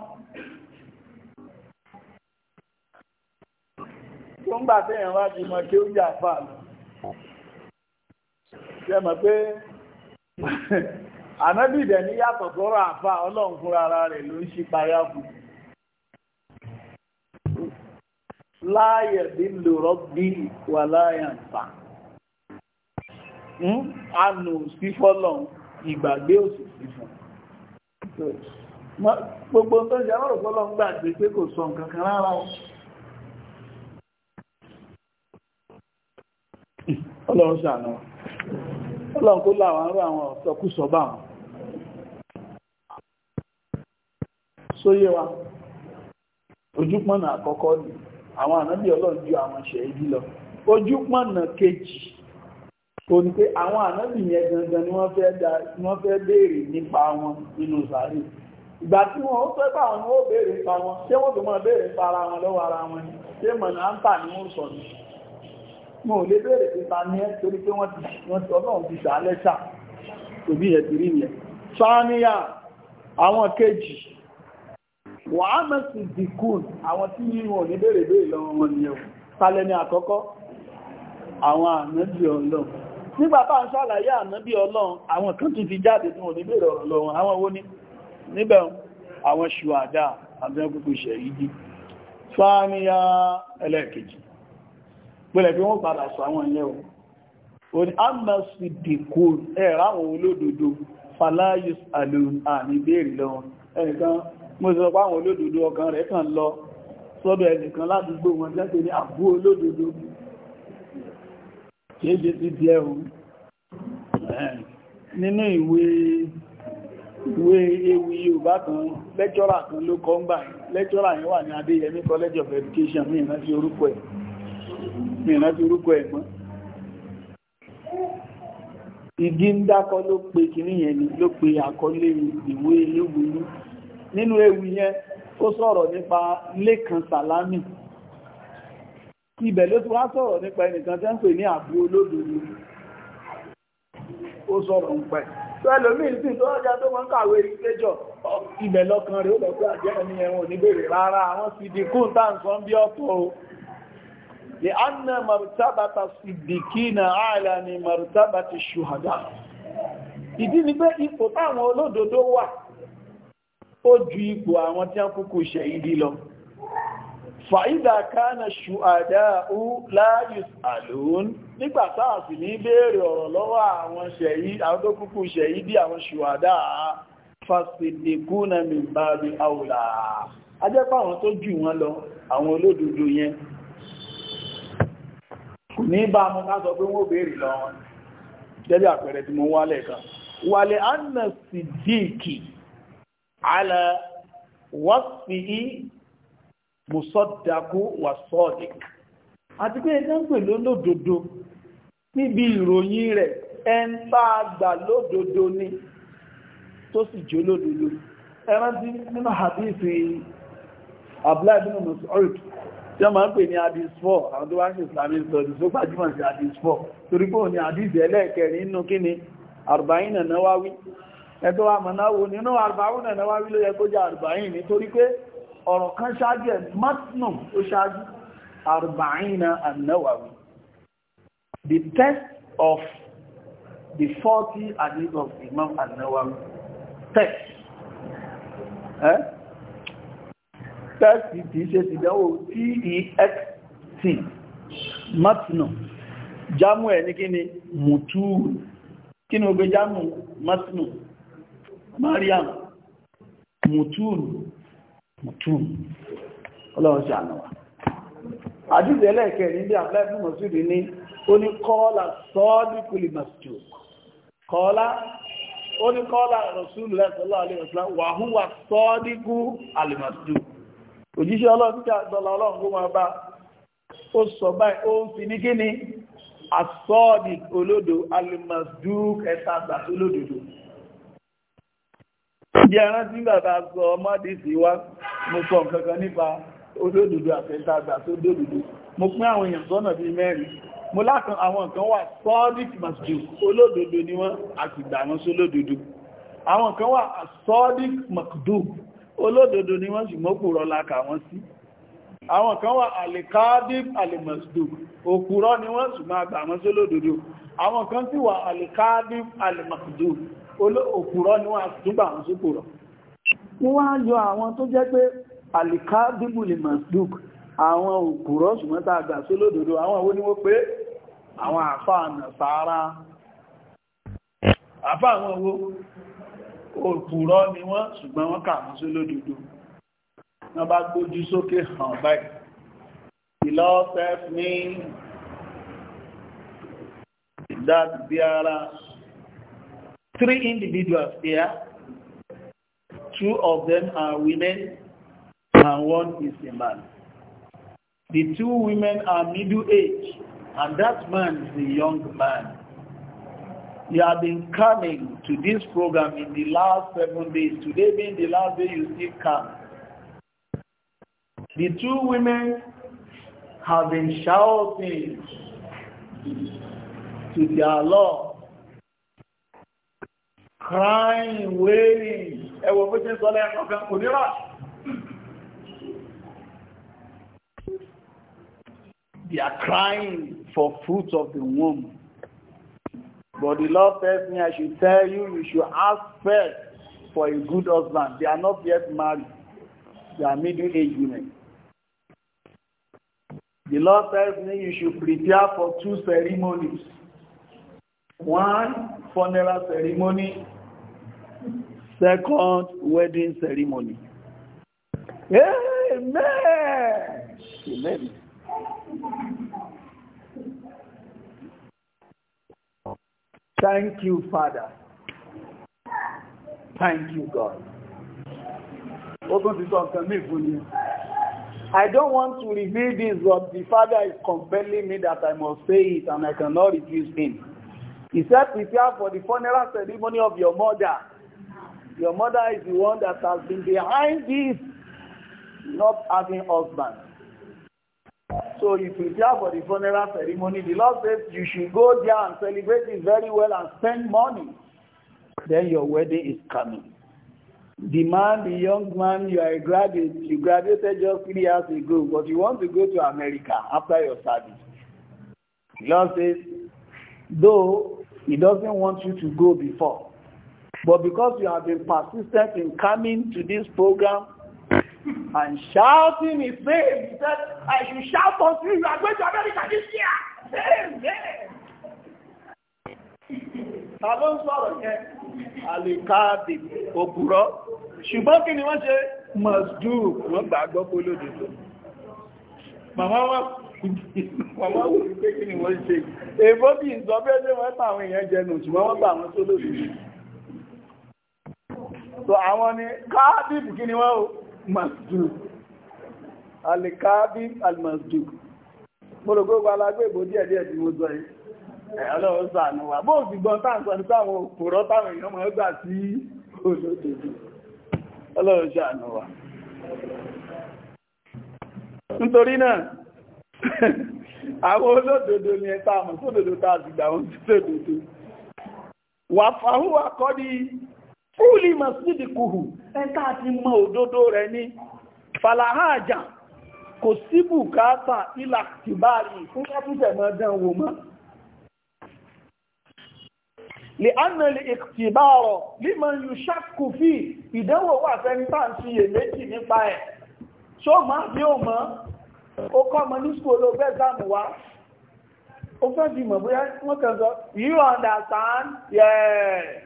tó ń gbà tí èèyàn wá kí ó jà fà lọ ṣe mọ̀ pé ànábì dẹ̀ ní yàtọ̀ sọ́rọ̀ àfà ọlọ́run fúnra ara rẹ̀ ló ń ṣí parí àpò láàyè bí wà láàyè àǹfà ànù sí fọ́lọ̀ ìgbàgbé òsì sí fún ọlọ́run ṣàánà ọlọ́run kó láwọn arú àwọn ọ̀sọ̀kúsọ bá wọn sóyé wa ojúpọ̀nà àkọ́kọ́ ni àwọn ànábì ọlọ́run ju àwọn eji lọ ojúpọ̀nà kejì tó ní pé àwọn ànábì ni wọn nínú sàárè ìgbà tí wọn ó fẹ́ bá wọn ó béèrè nípa wọn ṣé tó máa béèrè nípa mo ò lè bèèrè pé ta ní ẹ́ torí pé wọ́n ti ọlọ́run ti ṣàálẹ́ṣà kò bí ẹ̀ torí yẹn sáníyà àwọn kejì wà á mẹ́sì dìkún àwọn tí yí wọn ò ní lọ́wọ́ ni ẹ̀ tálẹ́ ní àkọ́kọ́ àwọn ànábì ọlọ́run nígbà bá ń ṣàlàyé ànábì ọlọ́run àwọn kan tún ti jáde tí pẹ̀lẹ̀ bí wọ́n padà sọ àwọn ìyẹn o o ni amnesty dìkò ẹ̀rá àwọn olódodo falayus alone àmì béèrè lọ ẹnìkan mo sọ pé àwọn olódodo ọkàn rẹ̀ kàn lọ sọ́dọ̀ ẹnìkan láti gbó wọn jẹ́ pé ní àbú olódodo kìí ṣe ti di ẹ̀hùn nínú ìwé ìwé ewì Yorùbá kan lẹ́kọ́rà kan ló kọ́ ń gbà lẹ́kọ́rà yẹn wà ní Adéyẹmí College of Education ní ìrántí orúkọ ẹ̀ mìíràn ti orúkọ ẹ̀gbọ́n mọ́ ń dákọ́ ló pe kìíní yẹn ni ló pe àkọlé ìwé eléwúlú nínú ewu yẹn ó sọ̀rọ̀ nípa Lékan Sàlámì ibẹ̀ ló wá sọ̀rọ̀ nípa ẹnìkan tẹ́ ń pè ní àbú ó sọ̀rọ̀ ń ẹlòmíì tó ọjà tó wọ́n kàwé ibẹ̀ lọ́kàn rẹ̀ ó àjẹ́ ẹni ẹ̀wọ̀n rárá bí ọ̀tọ̀ o لأن مرتبة الصديقين أعلى من مرتبة الشهداء ìdí ni pé ipò táwọn olódodo wà ó ju ipò àwọn tí a kúkú ṣẹ̀yìdí lọ fàídà kánà ṣùhàdá ú láàyùs àlòún nígbà táà sì ní béèrè ọ̀rọ̀ lọ́wọ́ àwọn ṣẹ̀yìdí àwọn tó kúkú ṣẹ̀yìdí àwọn ṣùhàdá fàṣìdìkúnà mìbàbí àwòlà ajẹ́pàwọn tó jù kò ní bá mú ká sọ pé wọ́n béèrè lọ wọn jẹ́bí àpẹẹrẹ tí mo wá lẹ́ẹ̀kan wàlẹ̀ anna siddiqi ala wasfihi musaddaku wa sadiq àti pé ẹjọ́ ń pè lólódodo níbi ìròyìn rẹ̀ ẹn tá a gbà lódodo ni tó sì jẹ́ olódodo ẹrántí nínú hadith abdullahi bin mas'ud tí wọ́n máa ń pè ní hadith 4 àwọn tó wá ṣe islamic studies tó gbajúmọ̀ sí hadith 4 torí pé òní hadith ẹlẹ́ẹ̀kẹrin nínú kí ni arba'in nawawi ẹ̀tọ́ àmọ̀náwó nínú arba'in nawawi ló yẹ kó jẹ́ arba'in nítorí pé ọ̀rọ̀ kan ṣáájú ẹ̀ matnum ó ṣáájú arba'in nawawi the text of the 40 hadith of Imam an-Nawawi text eh? tẹ́ẹ̀sì tí í ṣe ìdánwò text matinu jámù ẹ̀ ní kíni mùtúù kíni ó gbé jámù matinu mariam mùtúù mùtúù ọlọ́run ṣe ànàwà àdúgbò ẹlẹ́ẹ̀kẹ́ níbi àbẹ́bí mọ̀sílì ní ó ní kọ́ọ́lá sọ́ọ́dúkùlì masjid kọ́ọ́lá ó ní kọ́ọ́lá rọ̀súlù lẹ́sọ̀lọ́ alẹ́sọ̀lá wàhúwà sọ́ọ́dúkù alìmasjid òjíṣẹ́ ọlọ́run tí àdọ́là ọlọ́run kó máa bá ó sọ báyìí ó ń fi ní kí ni asọ́ọ̀dì olódo alimasduk ẹ̀ta àgbàtí olódodo jẹ́ rántí bàbá sọ ọmọdé sí wá mo sọ nǹkan kan nípa olódodo àfẹ́ta àgbàtí olódodo mo pín àwọn èèyàn sọ́nà bíi mẹ́rin mo lákan àwọn nǹkan wà sọ́ọ̀dìkì masduk olódodo ni wọ́n àti ìgbà wọn sólódodo àwọn nǹkan wà sọ́ọ̀dìkì makduk olódodo ni wọ́n sì mọ́kùrọ̀ láka wọ́n sí àwọn kan wà alikadib alimasdu òkúrọ́ ni wọ́n sì máa gbà wọ́n sólódodo àwọn kan sì wà alikadib alimasdu òkúrọ́ ni wọ́n sì gbà wọ́n sókúrọ̀ wọ́n wá yọ àwọn tó jẹ́ pé alikadib alimasdu àwọn òkúrọ́ ṣùgbọ́n tá àgbà sólódodo àwọn owó ni wọ́n pé àwọn àfáà nà sáárá àfáà àwọn owó òpùrọ́ ni wọ́n ṣùgbọ́n wọ́n kà wọ́n sí lódodo wọ́n bá gbójú sókè hàn báyìí philosophers mean that there are three individuals here two of them are women and one is a man. The two women are middle age and that man is a young man. You have been coming to this program in the last seven days. Today being the last day, you still come. The two women have been shouting to their Lord, crying, wailing. They are crying for fruit of the womb. But the Lord tells me I should tell you, you should ask first for a good husband. They are not yet married. They are middle-aged women. The Lord tells me you should prepare for two ceremonies. One, funeral ceremony. Second, wedding ceremony. Amen. Amen. Thank you, Father. Thank you, God. Open to Dr. Mifuni. I don't want to reveal this, but the Father is compelling me that I must say it and I cannot refuse him. He said, prepare for the funeral ceremony of your mother. Your mother is the one that has been behind this, not having husband. So you prepare for the funeral ceremony. The Lord says you should go there and celebrate it very well and spend money. Then your wedding is coming. The man, the young man, you are a graduate. You graduated just three years ago, but you want to go to America after your studies. The Lord says, though he doesn't want you to go before, but because you have been persistent in coming to this program, and shouting his name. He said, I should shout unto you, you are going to America this year. Amen. Ta ló ń sọ̀rọ̀ yẹn? Àlèkáàdì, ògùrọ̀. Ṣùgbọ́n kí ni wọ́n ṣe? Must do. Wọ́n gbàgbọ́ pé olódodo. Màmá wọn Màmá wò ní pé kí ni wọ́n ṣe? Èbó bí ìsọ bí ẹjọ́ wọ́n àwọn èèyàn jẹnu, ṣùgbọ́n wọ́n gbà wọn tó lòdì. So àwọn ni káàdì kí ni wọ́n o? masjid alikabi almasjid mọ́lògbogbo alágbé ìbò díẹ̀ díẹ̀ tí mo sọ yìí ọlọ́run sàánú wa bóò sì gbọ́n táǹsọ̀ ní táwọn òpòrọ́ táwọn èèyàn máa gbà sí olóòtòdì ọlọ́run sàánú wa nítorí náà àwọn olódodo ni ẹta àmọ̀ sódodo tá a ti gbà wọn sí wà fàáhùwà kọ́ fúlì masidi kùhù ẹ̀ta ti mọ òdodo rẹ̀ ní falahajà kò sí bùkátà ilà tìbárì fún kápútẹ̀ mọ́ dán wò mọ́ lè ánà lè ìtìbárọ̀ límọ̀ yù ṣàkù fi ìdánwò wà fẹ́ni tá ń fiyè méjì nípa ẹ̀ ṣó mọ́ bí ó mọ́ ó kọ́ mọ́ ní you understand yeah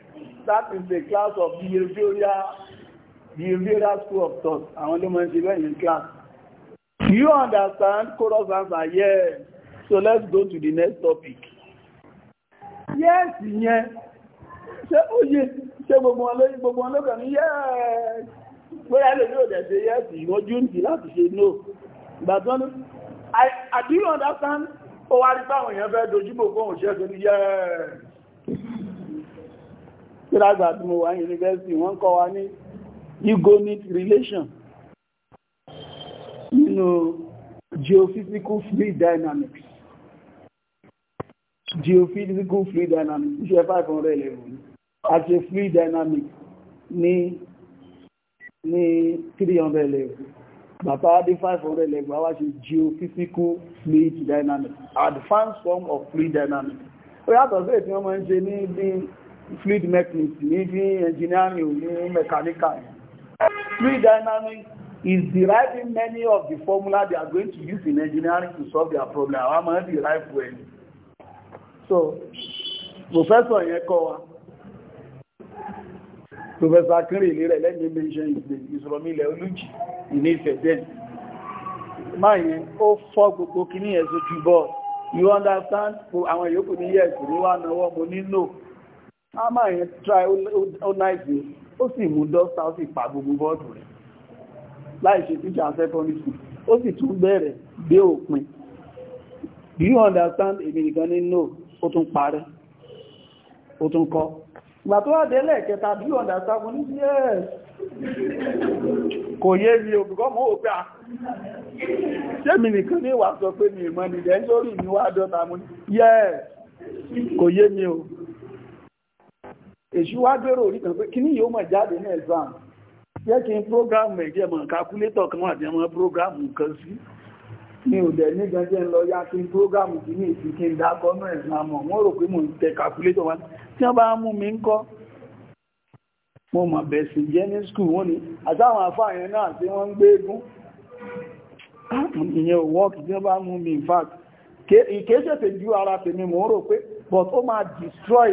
that is the class of behavioral behavioral school of thought àwọn ló mọ̀ ṣe in class Do you understand chorus answer yes so let's go to the next topic yes yẹn ṣé ó yẹ ṣé gbogbo wọn lóyún gbogbo wọn lókàn ní yes bóyá lè ní òdẹ̀ ṣe yes ìwọ́n júùntì láti ṣe no gbàtọ́ ní I do you understand ó wá rí báwọn èèyàn fẹ́ dojúbò fún òṣèṣe ní yes tírágbà tí mo wà ní yunifásitì wọ́n kọ́ wa ní eugonic relation nínú geophysical fluid dynamics geophysical fluid dynamics five 500 level àti fluid dynamics ní ní 300 level bàbá adé 500 level àwa ṣe geophysical fluid dynamics advanced form of fluid dynamics ó yàtọ̀ sí ètí wọ́n máa ń ṣe ní bí fluid mechanics ní bí engineering ní mechanical fluid dynamics is deriving many of the formula they are going to use in engineering to solve their problem àwọn máa ń derive well so professor yẹn kọ́ wa professor akínrin ìlera lẹ́yìn mention ìsọ̀rọ̀mí ilẹ̀ olújì ìní ìfẹ̀dẹ́n máa yẹn ó fọ́ gbogbo kí ní ẹ̀sọ́ jù bọ́ you understand àwọn yòókù ní yes ní wà náwọ́ mo ní no àmà yẹn try ó náìsì ó sì mú dọ́sà ó sì pa gbogbo bọ́ọ̀dù rẹ̀ láì ṣe teacher secondary school ó sì tún bẹ̀rẹ̀ dé òpin do you understand èmi nìkan ní no ó tún parẹ́ ó tún kọ́ ìgbà tó wà délẹ̀ do you understand mo ní yes kò yé mi òbúkọ́ mọ́ òpé à ah. ṣémi nìkan ní wà sọ pé mi ìmọ̀ nìdẹ́ sórí ìníwádọ́ta mo ní yes kò yé mi òbúkọ́ èṣù wá gbèrò orí kan pé kíní yóò mọ̀ jáde ní exam jẹ́ kí n prógrámù ẹ̀jẹ̀ mọ̀ kàkúlétọ̀ kan wà jẹ́ mọ́ prógrámù kan sí mi ò dẹ̀ ní gẹ́gẹ́ ń lọ yá kí n prógrámù kí ní ìsìn kí n dákọ́ náà exam mọ̀ wọ́n rò pé mò ń tẹ kàkúlétọ̀ wá tí wọ́n bá mú mi ń kọ́ mo mọ̀ bẹ̀sì jẹ́ ní skul wọ́n ni àtàwọn afáàyàn náà tí wọ́n ń gbé egún ìyẹn ò wọ́ọ̀kì tí wọ́n bá mú mi in fact ìkéṣẹ̀tẹ̀ ju ara tèmi mò ń rò pé but ó máa destroy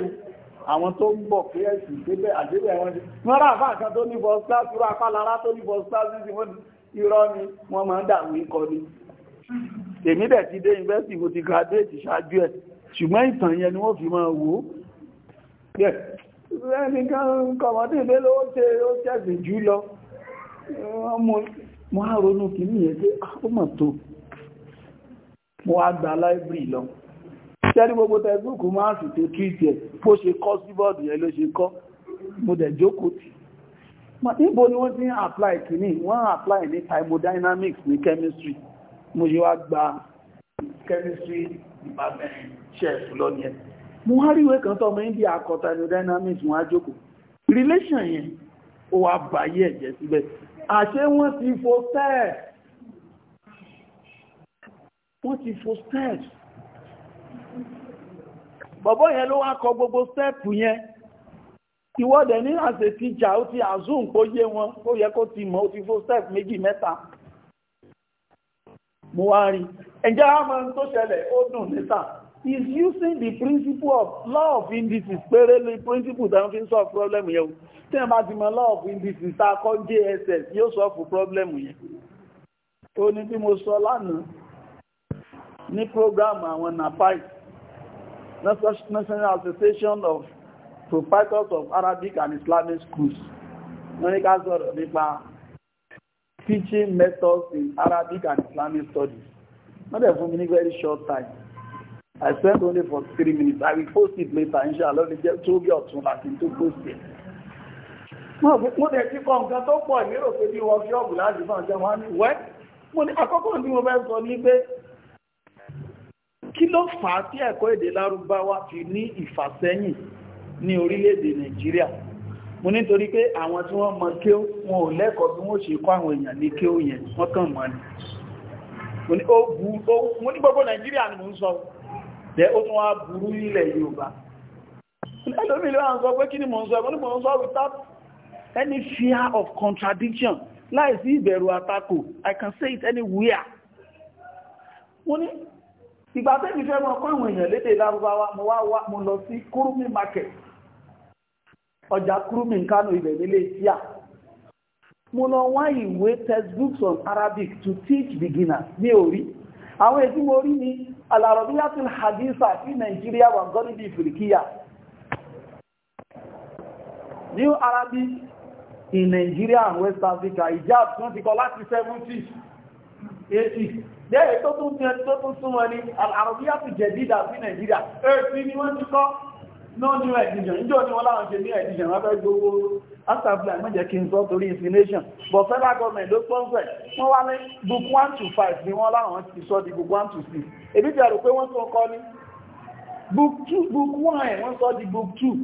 àwọn tó ń bọ̀ pé ẹ̀sìn débẹ̀ àdébẹ̀ wọn ni wọ́n rà bá kan tó ní bọ́s class rú apá lára tó ní bọ́s class sí wọ́n irọ́ ni wọ́n máa ń dàrú ikọ̀ ni èmi dẹ̀ ti dé yunifásitì mo ti graduate ṣáájú ẹ̀ ṣùgbọ́n ìtàn yẹn ni wọ́n fi máa wò ó ẹnìkan kọ̀mọ́tì ìdé ló ṣe ó ṣẹ̀sìn jù lọ mo á ronú kìíní yẹn pé ah, ó mọ̀ tó mo á gba library lọ ṣẹ́rí gbogbo tẹ́gbùkù máa sì tó tríìtì ẹ̀ bó ṣe kọ́ sí bọ́ọ̀dù yẹn ló ṣe kọ́ mo dẹ̀ jókòó tì níbo ni wọ́n ti ń apply kìíní wọ́n ń apply ní thermodynamics ní chemistry mo yẹ gba chemistry department chef lọ́nìí ẹ̀ mo wá rí ìwé kan tó ọmọ India akọ thermodynamics wọn á jókòó relation yẹn ó wá bàyẹ̀ ẹ̀jẹ̀ síbẹ̀ àṣé wọ́n ti fo steps wọ́n ti fo steps bọ̀bọ́ yẹn ló wá kọ gbogbo stẹ́ẹ̀pù yẹn ìwọ́dẹ̀ ní àṣẹ tíjà ó ti àzùn kó yé wọn ó yẹ kó ti mọ̀ ó ti fó stẹ́ẹ̀pù méjì mẹ́ta mo wá rí ẹ̀jẹ̀ àmọ́ tó ṣẹlẹ̀ ó dùn níta is using the principle of law of indices péré lè principle tó ń fi solve problem yẹn o tí ẹ bá ti mọ̀ law of indices tá a kọ́ JSS yóò solve problem yẹn ó ní bí mo sọ lánàá ní program àwọn NAPIPE National Association of Proprietors of Arabic and Islamic Schools wọ́n ní ká sọ̀rọ̀ nípa teaching methods in Arabic and Islamic studies wọ́n dẹ̀ fún mi ní very short time I spent only for three minutes I will post it later inshallah ní jẹ́ tó bí ọ̀tún láti tó post it mo dẹ̀ ti kọ nǹkan tó pọ̀ ìmírò pé bí wọ́n fi ọ̀bù láti fún ọjọ́ wọn ni wẹ́ mo ní àkọ́kọ́ tí mo fẹ́ sọ ní pé kí ló fà á tí ẹ̀kọ́ èdè lárúbáwá fi ní ìfàsẹ́yìn ní orílẹ̀-èdè nàìjíríà mo nítorí pé àwọn tí wọ́n mọ̀ kí wọn ò lẹ́kọ̀ọ́ bí wọ́n ṣe kọ́ àwọn èèyàn ní kí ó yẹn wọ́n kàn mọ̀ ní gbogbo nàìjíríà ni mo ń sọ jẹ́ ó tún wá burú ilẹ̀ yorùbá ẹlòmí ló wọ́n sọ any fear of contradiction láìsí ìbẹ̀rù àtakò i can say it anywhere mo ìgbà tẹ́mi fẹ́ mọ́ kọ́ àwọn èèyàn lédè lárúbáwá mo wá wá mo lọ sí kúrúmì market ọjà kúrúmì nkánò ibẹ̀ nílé tíà mo lọ wá ìwé textbooks on Arabic to teach beginners ní orí àwọn èdè mo rí ní alarabiyatul hadisa ti Nigeria wà gọ́nì bí ìfìrìkíyà New Arabic in Nigeria and West Africa ìjà tí wọ́n ti kọ láti 70 80 bẹ́ẹ̀ tó tún fi ẹni tó tún sún wọn ni àrùbíyà ti jẹ̀ dídà sí nàìjíríà èsì ni wọ́n ti kọ́ náà ní ẹ̀dìjàn níjọ́ ni wọ́n láwọn ṣe ní ẹ̀dìjàn wọ́n fẹ́ gbogbo astafla mọ́jẹ́ kí n sọ torí insinuation but federal government ló sponsor wọ́n wá ní book one to five ni wọ́n láwọn ti sọ di book one to six èbí ti àrò pé wọ́n tún kọ́ ní book two book one ẹ̀ wọ́n sọ di book two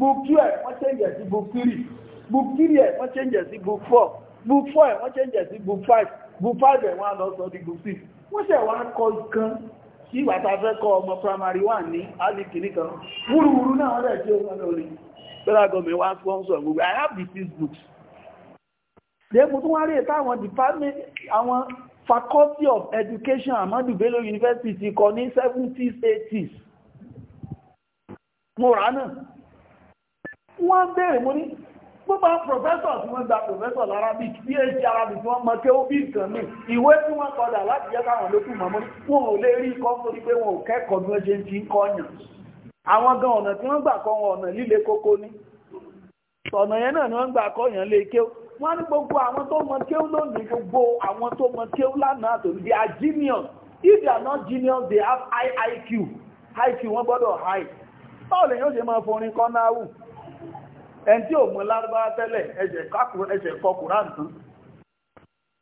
book two ẹ̀ wọ́n change sí book three book three ẹ̀ wọ́n change sí book four book four ẹ̀ wọ́n change sí book five group five ẹ̀ wọ́n lọ sọ di group six wọ́n ṣẹ̀ wá kọ ìkan sí ìwà tá a fẹ́ kọ ọmọ primary one ní alikini kan wúruwúru náà wọ́n rẹ̀ tí ó wọ́n lórí federal government wá sponsor gbogbo I have the six books lẹ́kùn tó wá rí ètò àwọn department àwọn faculty of education Ahmadu Bello University ti kọ ní 70s 80s mo rà náà wọ́n bẹ̀rẹ̀ mo ní Gbogbo àwọn pòfẹ́sọ̀ tí wọ́n gba pòfẹ́sọ̀ l'Arabic, PhD Arabic tí wọ́n mọ kí ó bí nǹkan mí. Ìwé tí wọ́n kọdà láti jẹ́ káwọn ló kùn mọ́mọ́, wọn ò lè rí kọ́ torí pé wọn ò kẹ́kọ̀ọ́ bí wọ́n ṣe ń fi ń kọ́yàn. Àwọn gan ọ̀nà tí wọ́n gbà kọ́ wọn ọ̀nà líle kókó ní. Ọ̀nà yẹn náà ni wọ́n gbà kọ́yàn lè kéw. Wọ́n ní gbogbo àwọn tó mọ kéw lónìí, gbogbo àwọn tó mọ kéw lánàá àtòlù, they are genius. If they are not genius, they have high IQ. IQ wọ́n gbọ́dọ̀ high. Báwo lèyàn ṣe máa forin kọ́ náà wù? ẹni tí ò mọ lárúbáwá tẹ́lẹ̀ ẹsẹ̀ kọ kùrán tán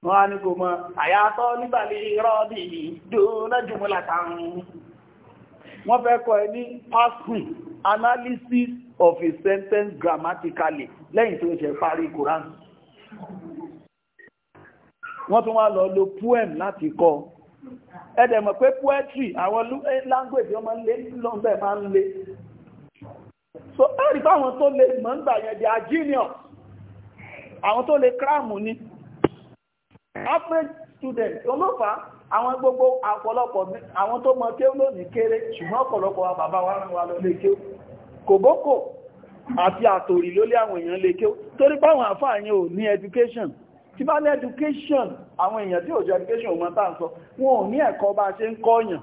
wọ́n á ní kò mọ àyàtọ̀ nígbàlẹ̀ rọ́ọ̀dì dúró jùmọ̀lá tán wọ́n fẹ́ kọ́ ẹ ní passing analysis of a sentence grammatically lẹ́yìn tó ṣe parí kùrán wọ́n tún wá lọ lo poem láti kọ́ ẹ̀dẹ̀ mọ̀ pé poetry àwọn eh, language wọ́n máa ń lé lọ́nbẹ̀ máa ń lé so ẹ̀rí fáwọn tó lè mọ̀ ń gbà yẹn di a genius àwọn tó lè kíráàmù ní average student olófà àwọn gbogbo àpọ̀lọpọ̀ àwọn tó mọ kéwú lónìí kéré ṣùgbọ́n ọ̀pọ̀lọpọ̀ wa bàbá wa rán wa lọ lé kéwú kòbókò àti àtòrí lólé àwọn èèyàn lé kéwú torí báwọn àfáà yẹn ò ní education tí bá ní education àwọn èèyàn tí ò jẹ́ education ò mọ̀ tá à ń sọ wọn ò ní ẹ̀kọ́ bá ṣe ń kọ́yàn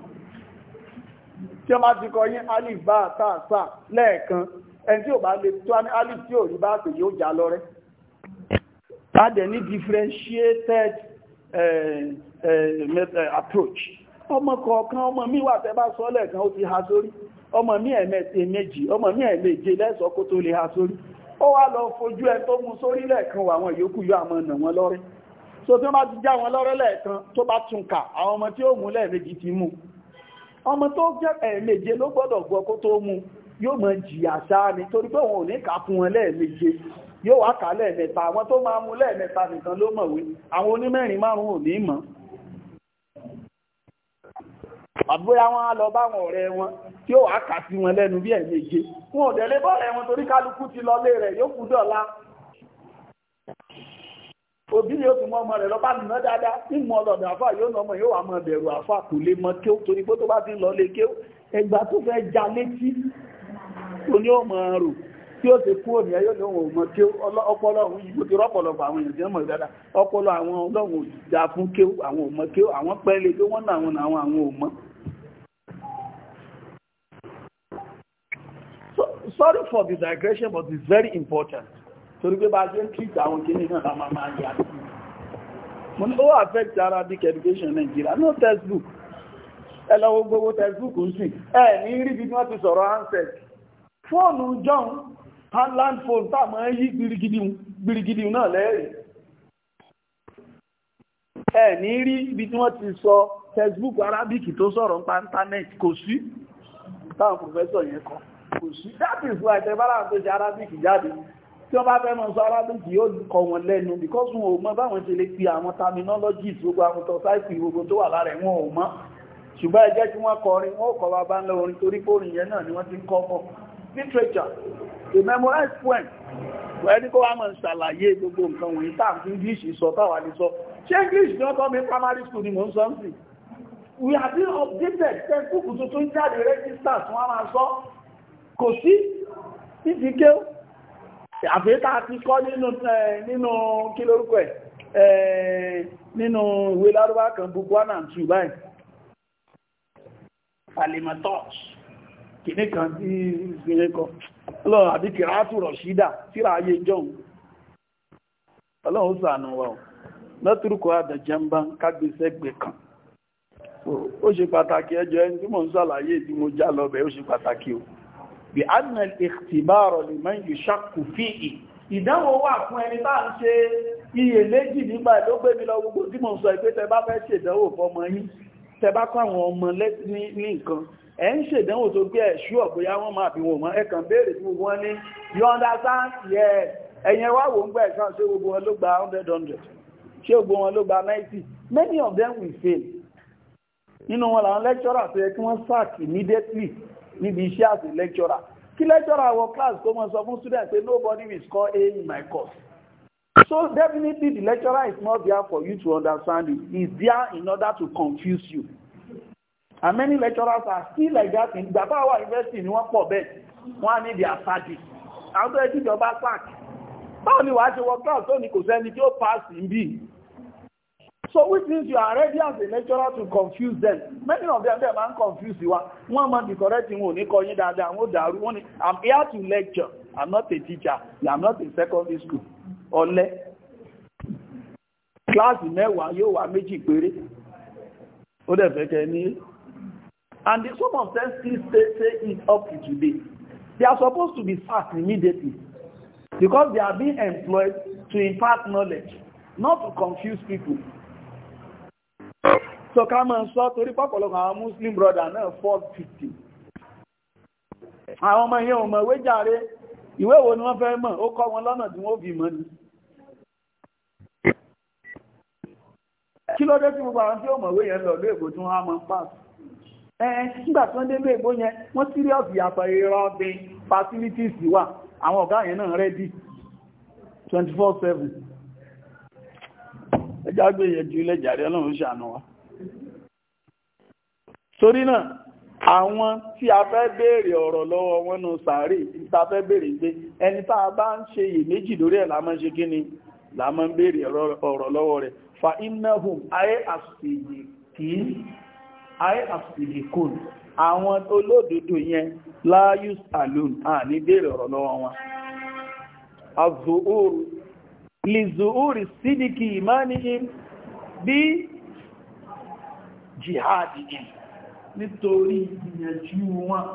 tí wọ́n bá ti kọ́ yín alif bá tà sà lẹ́ẹ̀kan ẹni tí ò bá lè tó alì tí rí bá pè yóò já lọ ní differentiated approach ọmọ kọ̀ọ̀kan ọmọ mi wà tẹ́ bá sọ lẹ́ẹ̀kan ó ti ha sórí ọmọ mi ẹ̀mẹ́tẹ̀ méjì ọmọ mi ẹ̀mẹ́je lẹ́sọ̀ kó tó lè ha sórí ó wá lọ fojú ẹ tó mú sórí lẹ́ẹ̀kan wà àwọn ìyókù yóò àmọ́ ọ̀nà wọn lọ́rẹ́ so tí ti jẹ́ yóò mọ̀ jìyà sáà ni torí pé wọn ò ní kà fún wọn lẹ́ẹ̀méje yóò wá kà lẹ́ẹ̀mẹ́ta àwọn tó máa mú lẹ́ẹ̀mẹ́ta nìkan ló mọ̀wé àwọn onímẹ́rin márùn-ún ò ní mọ̀ àbúyá wọn á lọ báwọn ọ̀rẹ́ wọn tí ó wá kà sí wọn lẹ́nu bí ẹ̀ẹ̀méje wọn ò dẹ̀lé bọ́ọ̀rẹ́ wọn torí kálukú ti lọ lé rẹ̀ yóò kú dọ̀la òbí yóò tún mọ ọmọ rẹ̀ lọ́pàá nìmọ́ dáadáa nímọ̀ ọlọ́dọ̀ àfà yóò nà ọmọ yóò wà mọ bẹ̀rù àfà kò lè mọ kí ó torí pé tó bá ti lọ lé kí ó ẹgbà tó fẹ́ ja létí kò ní ọmọ rò tí ó ti kú òní ẹyọ́ ní ohun ọmọ kí ọpọlọ ọ̀hún yìí ti rọ́pọ̀lọpọ̀ àwọn èèyàn tí mọ̀ ìdádá ọpọlọ àwọn ọlọ́run òjìjà fún kí àwọn ọmọ kí àwọn pẹ́lẹ̀ tó wọ́n náà wọn àwọn àwọn ọmọ sorry for the digression but it's very important torí pé bá ṣe ń treat àwọn kìíní náà la máa máa yà sí mo ní ó affect Arabic education Nigeria no textbook ẹ lọ gbogbo textbook ń sìn ẹ ní rí bí wọ́n ti sọ̀rọ̀ ancestry fóònù john handland phone tá máa ń yí gbirigidi náà lẹ́rìí ẹ̀ ní rí ibi tí wọ́n ti sọ textbook arabic tó sọ̀rọ̀ ń pa internet kò sí táwọn professor yẹn kọ kò sí that is why ẹ̀tẹ̀ bára tó ṣe arabic jáde tí wọ́n bá fẹ́ mọ̀ sọ arabic yóò kọ wọn lẹ́nu because wọn ò mọ báwọn ṣe lè fi àwọn terminologies gbogbo àwọn tọ́sáìpì gbogbo tó wà lára wọn ò mọ̀ ṣùgbọ́n ẹ jẹ́ kí wọ́n kọrin wọ́n kọ bàbá ńlá orin torí pé yẹn náà ni wọ́n ti ń kọ́ bọ̀ literature to memorize poem ẹni kó wá mọ̀ ṣàlàyé gbogbo nǹkan wọ̀nyí tá fún English sọ táwà ní sọ ṣe English ní ọkọ̀ mi primary school ni mò ń sọ ń sìn we have been updated textbook tuntun jáde register tí wọ́n máa sọ kò sí ìdíké àfẹ́ta ti kọ́ nínú kí lórúkọ ẹ̀ nínú ìwé lárúbá kan book one and two báyìí alimantos kìíní kan tí ìsinmi kọ ọlọ́run àbí kìrátù rọ̀ṣídà síra ayé jọun ọlọ́run sànù wa ọ̀ lọ́tùrùkọ àdàjẹ́mbá kágbésẹ́gbẹ̀ kan ó ṣe pàtàkì ẹjọ́ ẹni tí mò ń sàlàyé tí mo já lọ bẹ̀ ó ṣe pàtàkì o bí anna ìtìbárò lè máa ń yù ṣàkù fi ì ìdánwò wà fún ẹni bá ń ṣe kọ́ àwọn ọmọ ní nǹkan ẹ̀ ń ṣèdánwò tó gbé ẹ̀ṣú ọ̀bọ̀yá wọn máa bí wọn mọ́ ẹ̀kàn béèrè tí wọn ní you understand yes ẹ̀yẹn wá wò ń gbẹ̀ ẹ̀sán ṣé gbogbo wọn ló gba 100 ṣé gbogbo wọn ló gba 90 many of them will fail nínú wọn làwọn lecturer tó yẹ kí wọ́n sack immediately níbi iṣẹ́ àti lecturer kí lecturer wọ class kó mọ sọ fún student pé nobody will score A in my course so definitely the lecturer is not there for you to understand it he is there in order to confuse you and many lecturers are still like that in gbabawa university ni wọ́n pọ̀ bẹ́ẹ̀ wọ́n á ní their party àwọn tó yẹ kí ìjọba park báwo ni wàá ṣe wọ class tó ní kò sẹ́ni tí ó pass in bí so which means you are ready as a lecturer to confuse them many of them dem man confuse wa wọ́n máa be correct wọn ò ní kọ́ yín dáadáa wọ́n dàrú wọ́n ní i'm here to lecture i'm not a teacher i'm not in secondary school ọ̀lẹ kíláàsì mẹ́wàá yóò wá méjì péré ó dẹ̀ fẹ́ kẹ́ ní And the some of them still say, say it up to today. They are supposed to be sacked immediately because they are being employed to impart knowledge, not to confuse people. So come and sọ torí pọ̀pọ̀lọpọ̀ àwọn Muslim brother náà four fifty. Àwọn ọmọ yẹn ò ìwé jàre, ìwé wo ni wọ́n fẹ́ mọ̀, ó kọ́ wọn lọ́nà tí wọ́n fi mọ̀ ni. Kí ló dé tí gbogbo àwọn tí ó ìwé yẹn lọ lóògbé tí wọ́n á mọ̀ pàṣẹ? nígbà tí wọ́n dé ilé ìbò yẹn wọ́n serious yàtọ̀ ìrọ̀bìn facilities wà àwọn ọ̀gá yẹn náà ready 24/7 ẹjá gbé yẹn ju ilé jàre ọlọ́run ṣàánú wa torí náà àwọn tí a fẹ́ béèrè ọ̀rọ̀ lọ́wọ́ wọn nù sàárè tá a fẹ́ béèrè gbé ẹni tá a bá ń ṣe iyèméjì lórí ẹ̀ lámọ́ ṣe kí ni lámọ́ ń béèrè ọ̀rọ̀ lọ́wọ́ rẹ̀ fa innahum ayé àṣìyè kìí ayé àfìdíkùn àwọn olódodo yẹn láyús alone à ní bèèrè ọ̀rọ̀ lọ́wọ́ wọn azuhuru lizuhuri sídìkì ìmánihim bí jihadihim nítorí ìyànjú wọn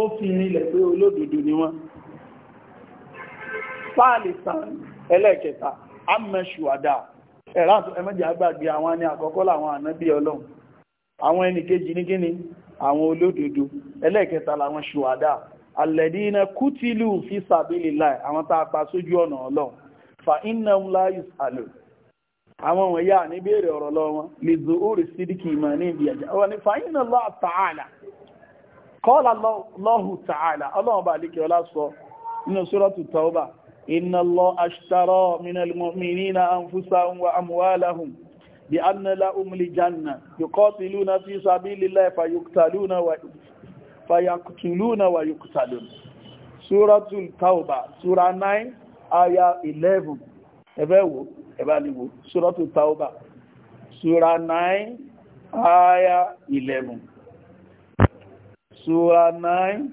ó fi rinlẹ̀ pé olódodo ni wọ́n fáàlì sàn ẹlẹ́kẹta amẹ́ṣùwádà ẹ̀rá ẹmẹ́jì agbàgbé àwọn ni àkọ́kọ́ ànábí ọlọ́run àwọn ẹni kejì ní àwọn olódodo ẹlẹ́ẹ̀kẹta làwọn ṣùwádà fi àwọn tá a pa sójú ọ̀nà ọlọ́run fa innahum la yusalu àwọn ọmọ ìyá ní béèrè ọ̀rọ̀ lọ wọn sídìkì ìmọ̀ ní ibi ẹ̀jẹ̀ wọn ni fa ta'ala ọlọ́run bá إن الله اشترى من المؤمنين أنفسهم وأموالهم بأن لهم الجنة يقاتلون في سبيل الله فيقتلون و... ويقتلون سورة التوبة سورة 9 آية 11 ẹ̀bẹ̀wò ẹ̀bẹ̀lìwò سورة التوبة سورة 9 آية 11 سورة 9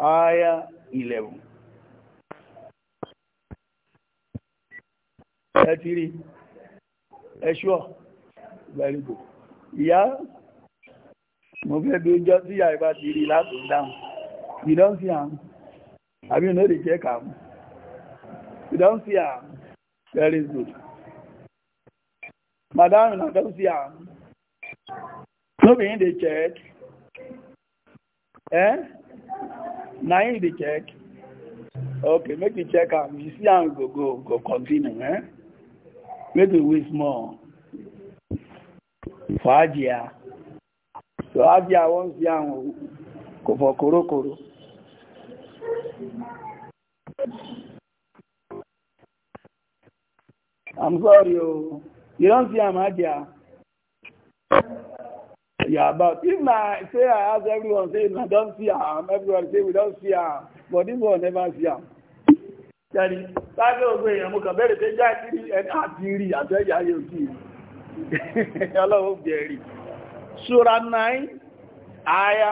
آية 11 ẹ ti rí ẹṣọ́ very good ìyá mo fẹ́ bí oúnjẹ tí ìyá ìbá ti rí láti dáhùn you don see am àbí you no dey check am you don see am very good madam you don see am no be him dey check eh na him dey check okay make you check am you see am go go go continue eh. make we wait more for ajia So ajia wan young am for Korokoro. I'm sorry, you, oh. you don't see I'm ajia You're about, if my, say I ask everyone, say, I don't see him, everyone say, we don't see him, but this one never see him. jẹ́rí láàrín ogun èèyàn mú kàn bẹ́rẹ̀ tẹ́ já kiri ẹni àti rí àtẹ́jà ayé òjì rí ṣúra 9 àyà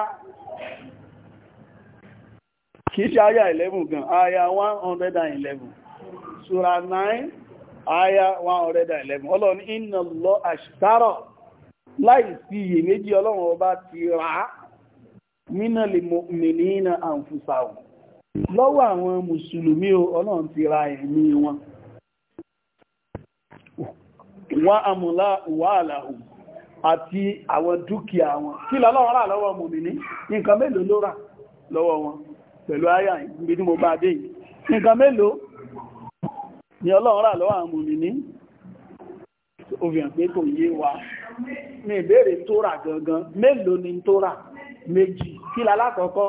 kìí ṣe àyà 11 gan àyà 111 ṣúra 9 àyà 111 ọlọ́run iná lọ àṣìtárọ̀ láì sí ọlọ́run ọba ti rà mínà lè mọ̀ mìíràn lọ́wọ́ àwọn mùsùlùmí ọlọ́run ti ra ẹ̀mí wọn wá àmúlá wà àlàhù àti àwọn dúkìá wọn kí lọ́wọ́ rà lọ́wọ́ mùmìnì nǹkan mélòó ló rà lọ́wọ́ wọn pẹ̀lú àyà ìgbé tí mo bá dé yìí nǹkan mélòó ni ọlọ́run rà lọ́wọ́ àwọn mùmìnì òfihàn pé kò yé wa ní ìbéèrè tó rà gangan mélòó ni tó rà méjì kí lalákọ̀ọ́kọ́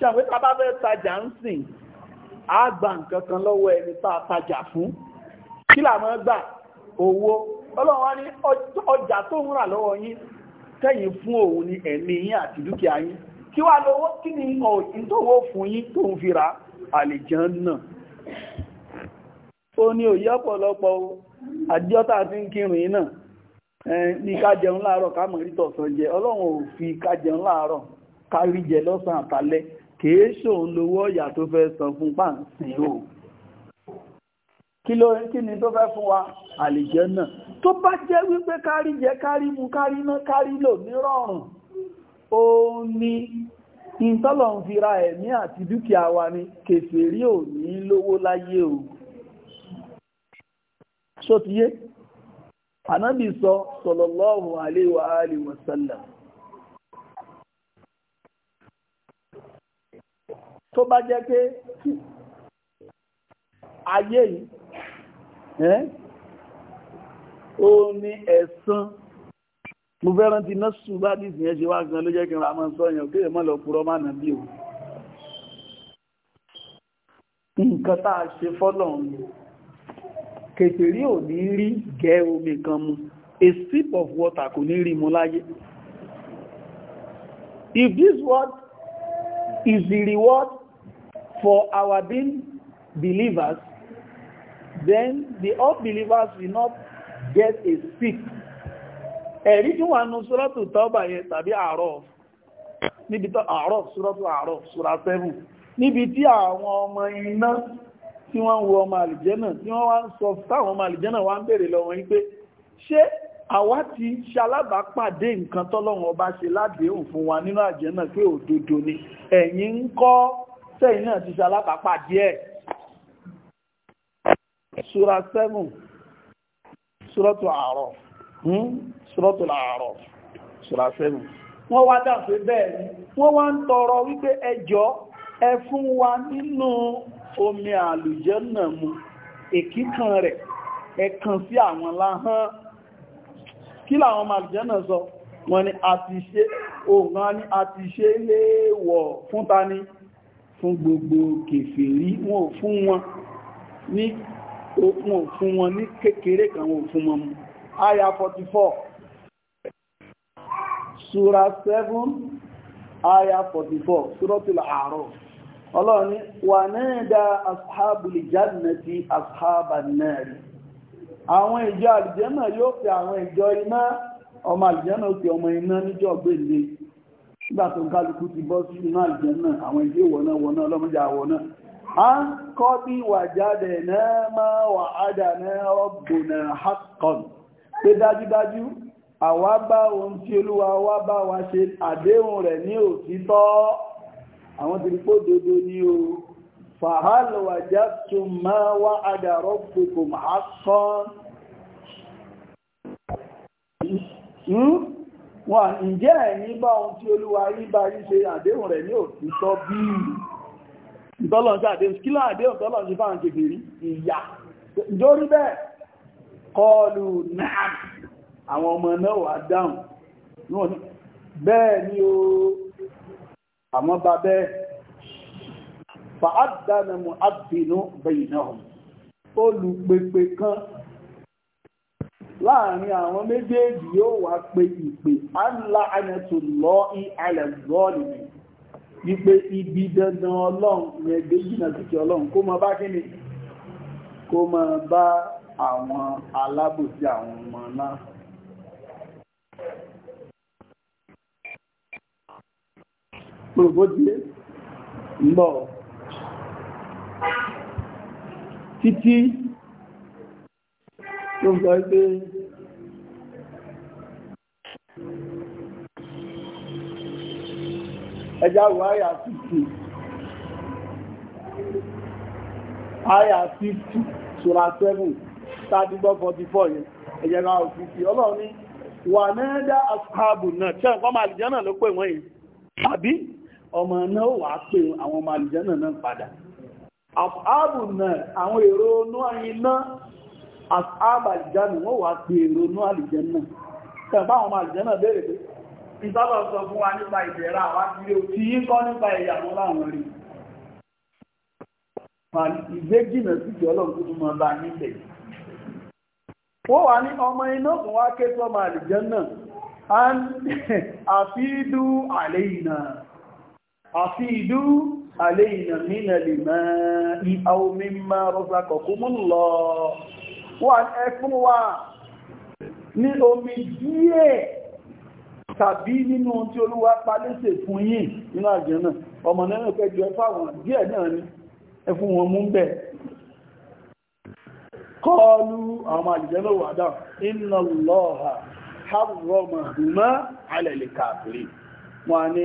ṣàwé tàbá fẹ́ tajà ń sìn àgbà nǹkan kan lọ́wọ́ ẹni tá a tajà fún kí làmọ́ gbà owó ọlọ́run wá ní ọjà tó ń rà lọ́wọ́ yín tẹ́yìn fún òun ní ẹ̀mí yín àti dúkìá yín kí wá lówó kí ni ọ̀yìn tó wó fún yín tó ń fi ra àlèjàn náà ó ní òye ọ̀pọ̀lọpọ̀ àdíọ́ta tí ń kírun yín náà ní ká jẹun láàárọ̀ ká mọ̀ rí tọ̀sán jẹ ọlọ́run ò fi ká jẹun láàárọ̀ ká rí jẹ lọ́sàn àtàlẹ́ kìí ṣòun lówó ọ̀yà tó fẹ́ san fún pàǹsìn o kí ló kí ni tó fẹ́ fún wa àlìjẹ́ náà tó bá jẹ́ wípé kárí jẹ kárí mu kárí ná kárí lò nírọ̀rùn ó ní ìtọ́lọ̀ ń fi ra ẹ̀mí àti dúkìá wa ni kèfèrí ò ní lówó láyé o ṣó ti sọ sallallahu alaihi wa alihi wa sallam tó bá jẹ́ pé ayé yìí ó ní ẹ̀san mo fẹ́ rántí náà ṣùgbá dìsì yẹn ṣe wá gan ló jẹ́ kí n ra mọ́ sọ́yàn kí èmọ́ lọ purọ́ mánà bí o nǹkan tá a ṣe fọ́lọ̀un kètèrí ò ní rí gẹ omi kan mu a sip of water kò ní rí mu láyé if this word is the reward for our being believers, then the unbelievers will not get a seat. Ẹ̀rí tí wà nù Súrọ́tù Tọ́bà yẹn tàbí Àrọ́f, níbi tó Àrọ́f, Súrọ́tù Àrọ́f, Súra 7, níbi tí àwọn ọmọ iná tí wọ́n ń wo ọmọ àlìjẹ́nà tí wọ́n wá ń sọ táwọn ọmọ àlìjẹ́nà wá ń bèèrè lọ́wọ́ yí pé ṣé àwa ti ṣalábàápàdé nǹkan tọ́lọ́run ọba ṣe ládéhùn fún wa nínú àlìjẹ́nà pé òdodo ni ẹ̀yin ń kọ́ sẹ́yìn náà ti ṣe alábàápà díẹ̀ ṣúra 7 aro, àárọ̀ ṣúrọ́tù àárọ̀ ṣúra 7 wọ́n wá dáfẹ́ bẹ́ẹ̀ wọ́n wá ń tọrọ wípé ẹjọ́ ẹ fún wa nínú omi àlùjànnà mu èkíkan rẹ̀ ẹ̀kan sí àwọn láhán kí làwọn ọmọ àlùjànnà sọ wọ́n ní a ṣe òun ní a ti ṣe léèwọ̀ fún ni fún gbogbo kèfèrí wọn ò fún wọn ní wọn ò fún wọn ní kékeré kan wọn ò fún wọn mú aya 44 sura 7 aya 44 suratul A'raf ọlọ́run ni wà náà dá asáàbùlì jannati asáàbàn náà rí àwọn ìjọ àlìjẹ́mà yóò fi àwọn ìjọ iná ọmọ àlìjẹ́mà ó fi ọmọ iná níjọ́ gbèlè nígbà tó kálukú ti bọ́ sí inú àlùjànnà àwọn ìdí ìwọ̀nà wọ̀nà ọlọ́mọdé àwọ̀nà a ń kọ́ bí wà jáde náà máa wà ádà náà ọgbọ̀nà hakan pé dájúdájú àwa bá ohun tí olúwa wá bá wa ṣe àdéhùn rẹ̀ ní òtítọ́ àwọn ti rí pó dodo ní o fàhálà wà já tó máa wá ádà rọ́pùpù hakan hmm? wọn ǹjẹ́ ẹ̀yìn bá ohun tí olúwa yín bá yín ṣe àdéhùn rẹ̀ ní òtítọ́ bí ìtọ́lọ̀ṣẹ́ àdéhùn kí láàdéhùn tọ́lọ̀ṣẹ́ fáwọn kékeré ìyà lórí bẹ́ẹ̀ kọlù náà àwọn ọmọ náà láàrin àwọn méjèèjì yóò wá pé ìpè àńlá àyẹ̀tò lọ ìhàlẹ̀ gọ́ọ̀lì mi wípé ibi dandan ọlọ́run yẹn gbé jìnà síkẹ̀ ọlọ́run kó máa bá kí ni kó máa bá àwọn alábòsí àwọn ọmọ náà ń bọ̀ títí tó sọ pé ẹjá wo àyà títì àyà 7 sáàdúgbọ́ 44 yẹn ẹjẹ́ra òfìsì ọlọ́run ní wà náà àṣàbù náà tí ọ̀pọ̀ màlìjánà ló pè wọ́n yìí tàbí ọmọ náà wà pé àwọn màlìjánà náà padà náà àwọn èrò náà àsáàbà ìjánu wọ́n wà pé ìrònú àlìjẹ́nà tẹ̀bá àwọn àlìjẹ́nà bẹ̀rẹ̀ pé ìsábà sọ fún wa nípa ìbẹ̀rẹ̀ àwájúlé tí yí kọ́ nípa ìyàwó láwọn rí ìgbéjìnà sí ìjọ ọlọ́run Àfíìdú àléìnà mínà lè máa ìhàwó mímá rọ́sàkọ̀kú mú lọ wà ẹ fún wa ní omi díẹ̀ tàbí nínú tí olúwa palẹ́sẹ̀ fún yín nínú àjẹ́ náà ọmọ náà fẹ́ jẹ fáwọn díẹ̀ náà ni ẹ fún wọn mú bẹ̀ kọlu àwọn àjẹ́ náà wà dá iná lọ́ha harrọ̀mà hùmá alẹ́lẹ̀ kàfìrí wọn ni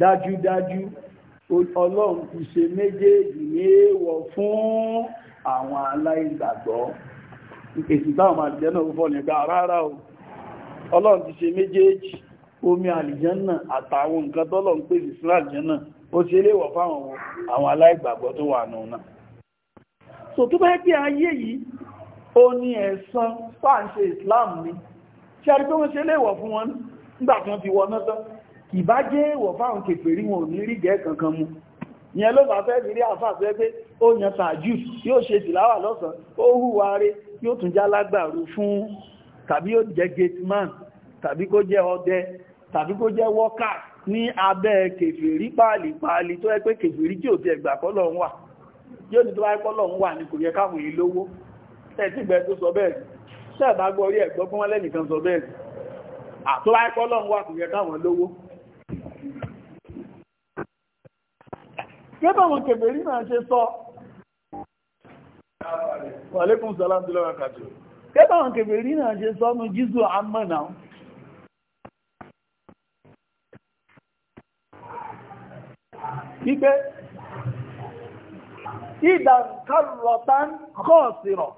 dájúdájú ọlọ́run ti ṣe méjèèjì ní èèwọ̀ fún àwọn aláìgbàgbọ́ èsì táwọn máa jẹ́ náà fọ́ nígbà ah, rárá o ọlọ́run ti ṣe méjèèjì omi àlìjẹ́nà àtàwọn nǹkan tọ́lọ̀ ń pèsè sí àlìjẹ́nà ó ṣe léwọ̀ fáwọn aláìgbàgbọ́ tó wà náà so tó bá pé ayé yìí ó ní ẹ̀san fáàṣẹ Islam ni ṣe àrí pé wọ́n ṣe léwọ̀ fún wọn nígbà kan ti wọ náà tán ìbá jẹ́ fáwọn kèfèrí wọn ò ní rí gẹ́ kankan ìyẹn ló bá fẹ́ o yan yóò ṣe tìláwà lọ́sàn ó hùwà rí yóò tún já lágbàrú fún tàbí ó jẹ́ gateman tàbí kó jẹ́ ọdẹ tàbí kó jẹ́ worker ní abẹ́ kèfèrí pàálìpàálì tó yẹ kèfèrí tí ò ti ẹgbà kọ́lọ̀ ń wà yóò sọ wọn kèfèrí ṣe sọ Wàlékún sàlám tó lọ́wọ́ kàjọ. Kẹ́bà wọn kẹfẹ̀ rí náà ṣe sọ́nu Jísù àmọ́ náà. Wípé, ìdàkàrọ̀tà ń kọ́ sírọ̀.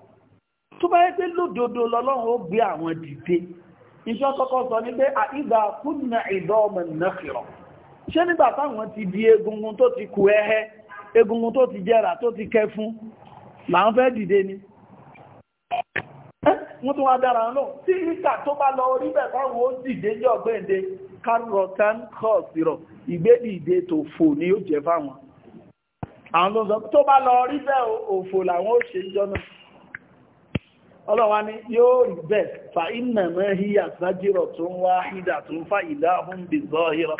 Tó bá yẹ pé lódodo lọ́lọ́run ó gbé àwọn dìde. Iṣẹ́ kọ́kọ́ sọ ní pé àìdà kúnnà ìdọ́ ọmọ nàkìrọ̀. Ṣé nígbà táwọn ti di egungun tó ti kù ẹ̀hẹ́, egungun tó ti jẹ́ra láwọn nfe dide ni wọ́n tún wá dára náà tí ìkà tó bá lọ orí bẹ̀ fáwọn ó dìde jẹ́ ọ̀gbẹ́ǹde kárọ̀tán kọ̀ọ̀sìrọ̀ ìgbédìde tó fò ní ó jẹ́ fáwọn àwọn tó sọ tó bá lọ orí bẹ̀ òfò làwọn ó ṣe jọ náà ọlọ́wà ni yóò rí bẹ́ẹ̀ fa iná mẹ́híyà sájírọ̀ tó ń wá hídà tó ń fa ìdáhùn bí zọ́ọ̀hírọ̀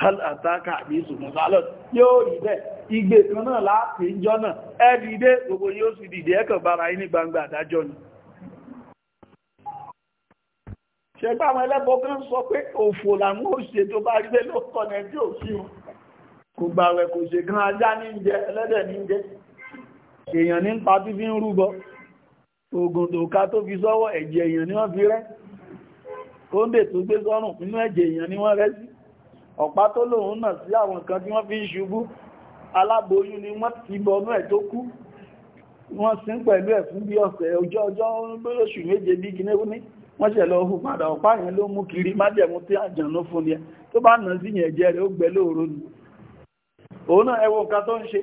hal àtàkà àbí ìsùnmùsálọ̀ yóò rí bẹ́ẹ̀ igbe kan náà láti ń jọ́nà ẹ̀dìdé gbogbo yóò sì dìde ẹ̀kọ̀ bára yín ní gbangba àdájọ́ ni ṣẹgbà àwọn ẹlẹ́bọ̀ kan sọ pé òfò làwọn òṣè tó bá rí bẹ́ẹ̀ ló kọ̀nà tí ò sí wọn kò gbàwẹ̀ kò ṣe gan ajá ní jẹ ẹlẹ́dẹ̀ ní jẹ èèyàn ní pa tí fi ń rúbọ oògùn tó ká tó fi sọ́wọ́ ẹ̀jẹ̀ èèyàn ni wọ́n fi rẹ́ kóńdè tó gbé sọ́rùn nínú ẹ̀jẹ̀ èèyàn ni wọ́n rẹ́ sí ọ̀pá tó lòun náà sí àwọn kan tí wọ́n fi ń ṣubú aláboyún ni wọ́n ti bọnú ẹ̀ tó kú wọ́n sin pẹ̀lú ẹ̀ fún bí ọ̀sẹ̀ ọjọ́ ọjọ́ oṣù méje bí gínéwó ní wọ́n ṣẹ̀ lọ hù padà ọ̀pá yẹn ló mú kiri májẹ̀mú tí àjànú fún ni ẹ tó bá nà sí yẹn jẹ́ rẹ̀ ó gbẹ lóòrò ni òun náà ẹ wo nǹkan tó ń ṣe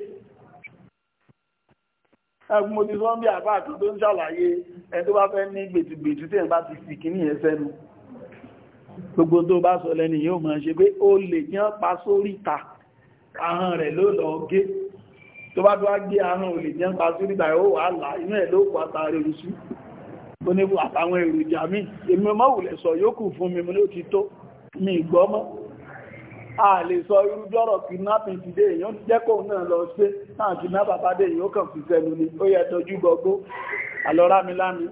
ẹgbùn mo ti sọ bí àbá àti tó ń ṣàlàyé ẹ tó bá fẹ́ ní gbètùgbètù tí ẹ̀ bá ti sì kíní yẹn sẹ́nu gbogbo tó bá sọ lẹ́ni yóò máa ṣe pé ó lè jẹ́ pa sóríta ahọ́n rẹ̀ ló lọ gé tó bá tó gé ahọ́n olè jẹ́ ń pa ó wà láà inú ẹ̀ ló kọ àtàrí tó ní àtàwọn èròjà mi èmi mọ́ wùlẹ̀ sọ fún mi mo ní ti tó mi gbọ́ a lè sọ ti dé náà lọ sí náà ti bàbá dé kàn fi sẹ́nu ni ó yẹ àlọ́rámilámi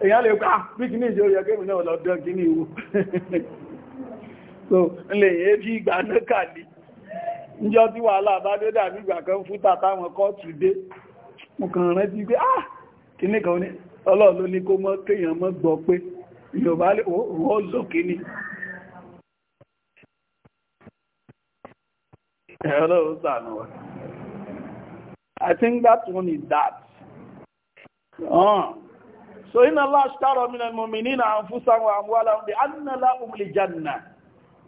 èyàn lè pa bí kí ní ìjọ yẹ kéèmù náà lọ́dọ́ kí ní ìwò so ilẹ̀ èyàn bí ìgbà náà kàlì níjọ́ tí wàhálà bá dé dàbí ìgbà kan fún tàtà wọn kọ́ọ̀tù dé mo kàn rántí pé ah kí ní kan ní ní kó mọ́ kéèyàn mọ́ gbọ́ pé I think that one is that. Oh so inna Allah ashtara minal mu'minina anfusahum wa amwalahum bi anna lahum al-janna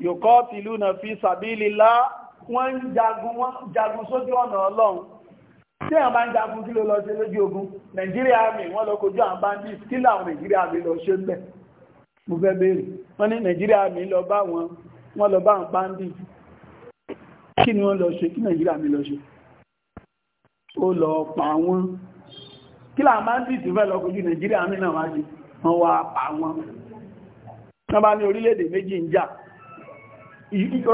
yuqatiluna fi sabilillah wọ́n ń jagun wọ́n jagun sójú ọ̀nà Ọlọ́run tí àwọn bá ń jagun kí ló lọ ṣe lójú ogun Nàìjíríà mi wọ́n lọ kojú àwọn bandits kí làwọn Nàìjíríà mi lọ ṣe ń bẹ̀ mo fẹ́ béèrè wọ́n ní Nàìjíríà mi lọ bá wọn wọ́n lọ bá àwọn bandits kí ni wọ́n lọ ṣe kí Nàìjíríà mi lọ ṣe ó lọ pa wọ́n kí là máa ń dì sí fẹ́ lọ́kọ̀ọ́jú nàìjíríà mí náà máa ṣe wọ́n wá pa wọn wọ́n bá ní orílẹ̀-èdè méjì ń jà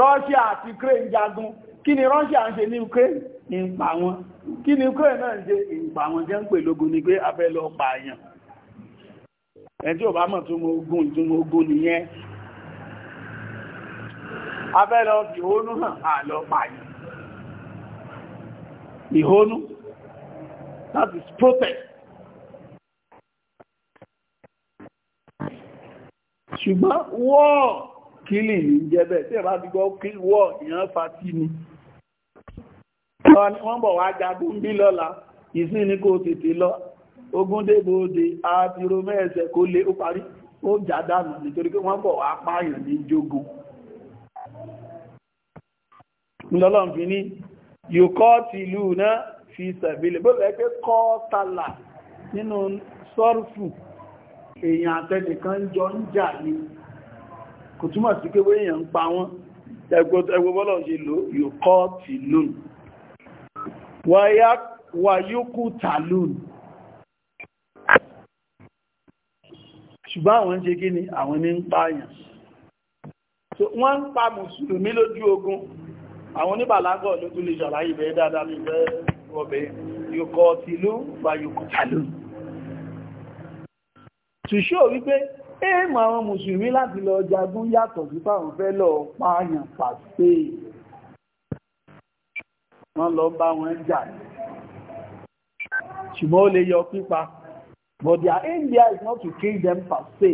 Russia àti Ukraine jagun kí ni Russia ń ṣe ní Ukraine ń pa wọn kí ni Ukraine náà ń ṣe ń pa wọn jẹ́ ìhónú that is protest ṣùgbọ́n wọ́ kílì ní jẹ́bẹ̀ tí ẹ̀bá ti gbọ́ kí wọ́ ìyàn fatí ni wọ́n bọ̀ wá jagun bí lọ́la ìsìn ní kò tètè lọ ogúndébòde àtìrò mẹ́ẹ̀sẹ̀ kó lé ó parí ó jádánù nítorí pé wọ́n bọ̀ wá pààyàn ní jogun lọ́lọ́n fi ní yòkọ́ tìlú náà fi sẹ̀bílẹ̀ bó lẹ́ pé kọ́ tàlà nínú sọ́rùfù èèyàn àtẹnìkan jọ ń jà ní kò túmọ̀ sí pé èèyàn ń pa wọ́n ẹgbọ́bọ́lọ̀ ṣe lò yóò kọ́ tìlún wàyókù tàlún ṣùgbọ́n àwọn ń ṣe kí ni àwọn ní ń pààyàn wọ́n ń pa mùsùlùmí lójú ogun àwọn oníbàlágọ̀ ló tún lè ṣàlàyé bẹ́ẹ̀ dáadáa lè fẹ́ ọbẹ̀ yóò kọ́ tìlún wàyókù tàlún to show wípé èèmọ̀ àwọn mùsùlùmí láti lọ jagun yàtọ̀ sí fáwọn fẹ́ lọ pààyàn pàṣẹ wọ́n lọ bá wọn jà ṣùgbọ́n ó lè yọ pípa but their India is not to kill them per se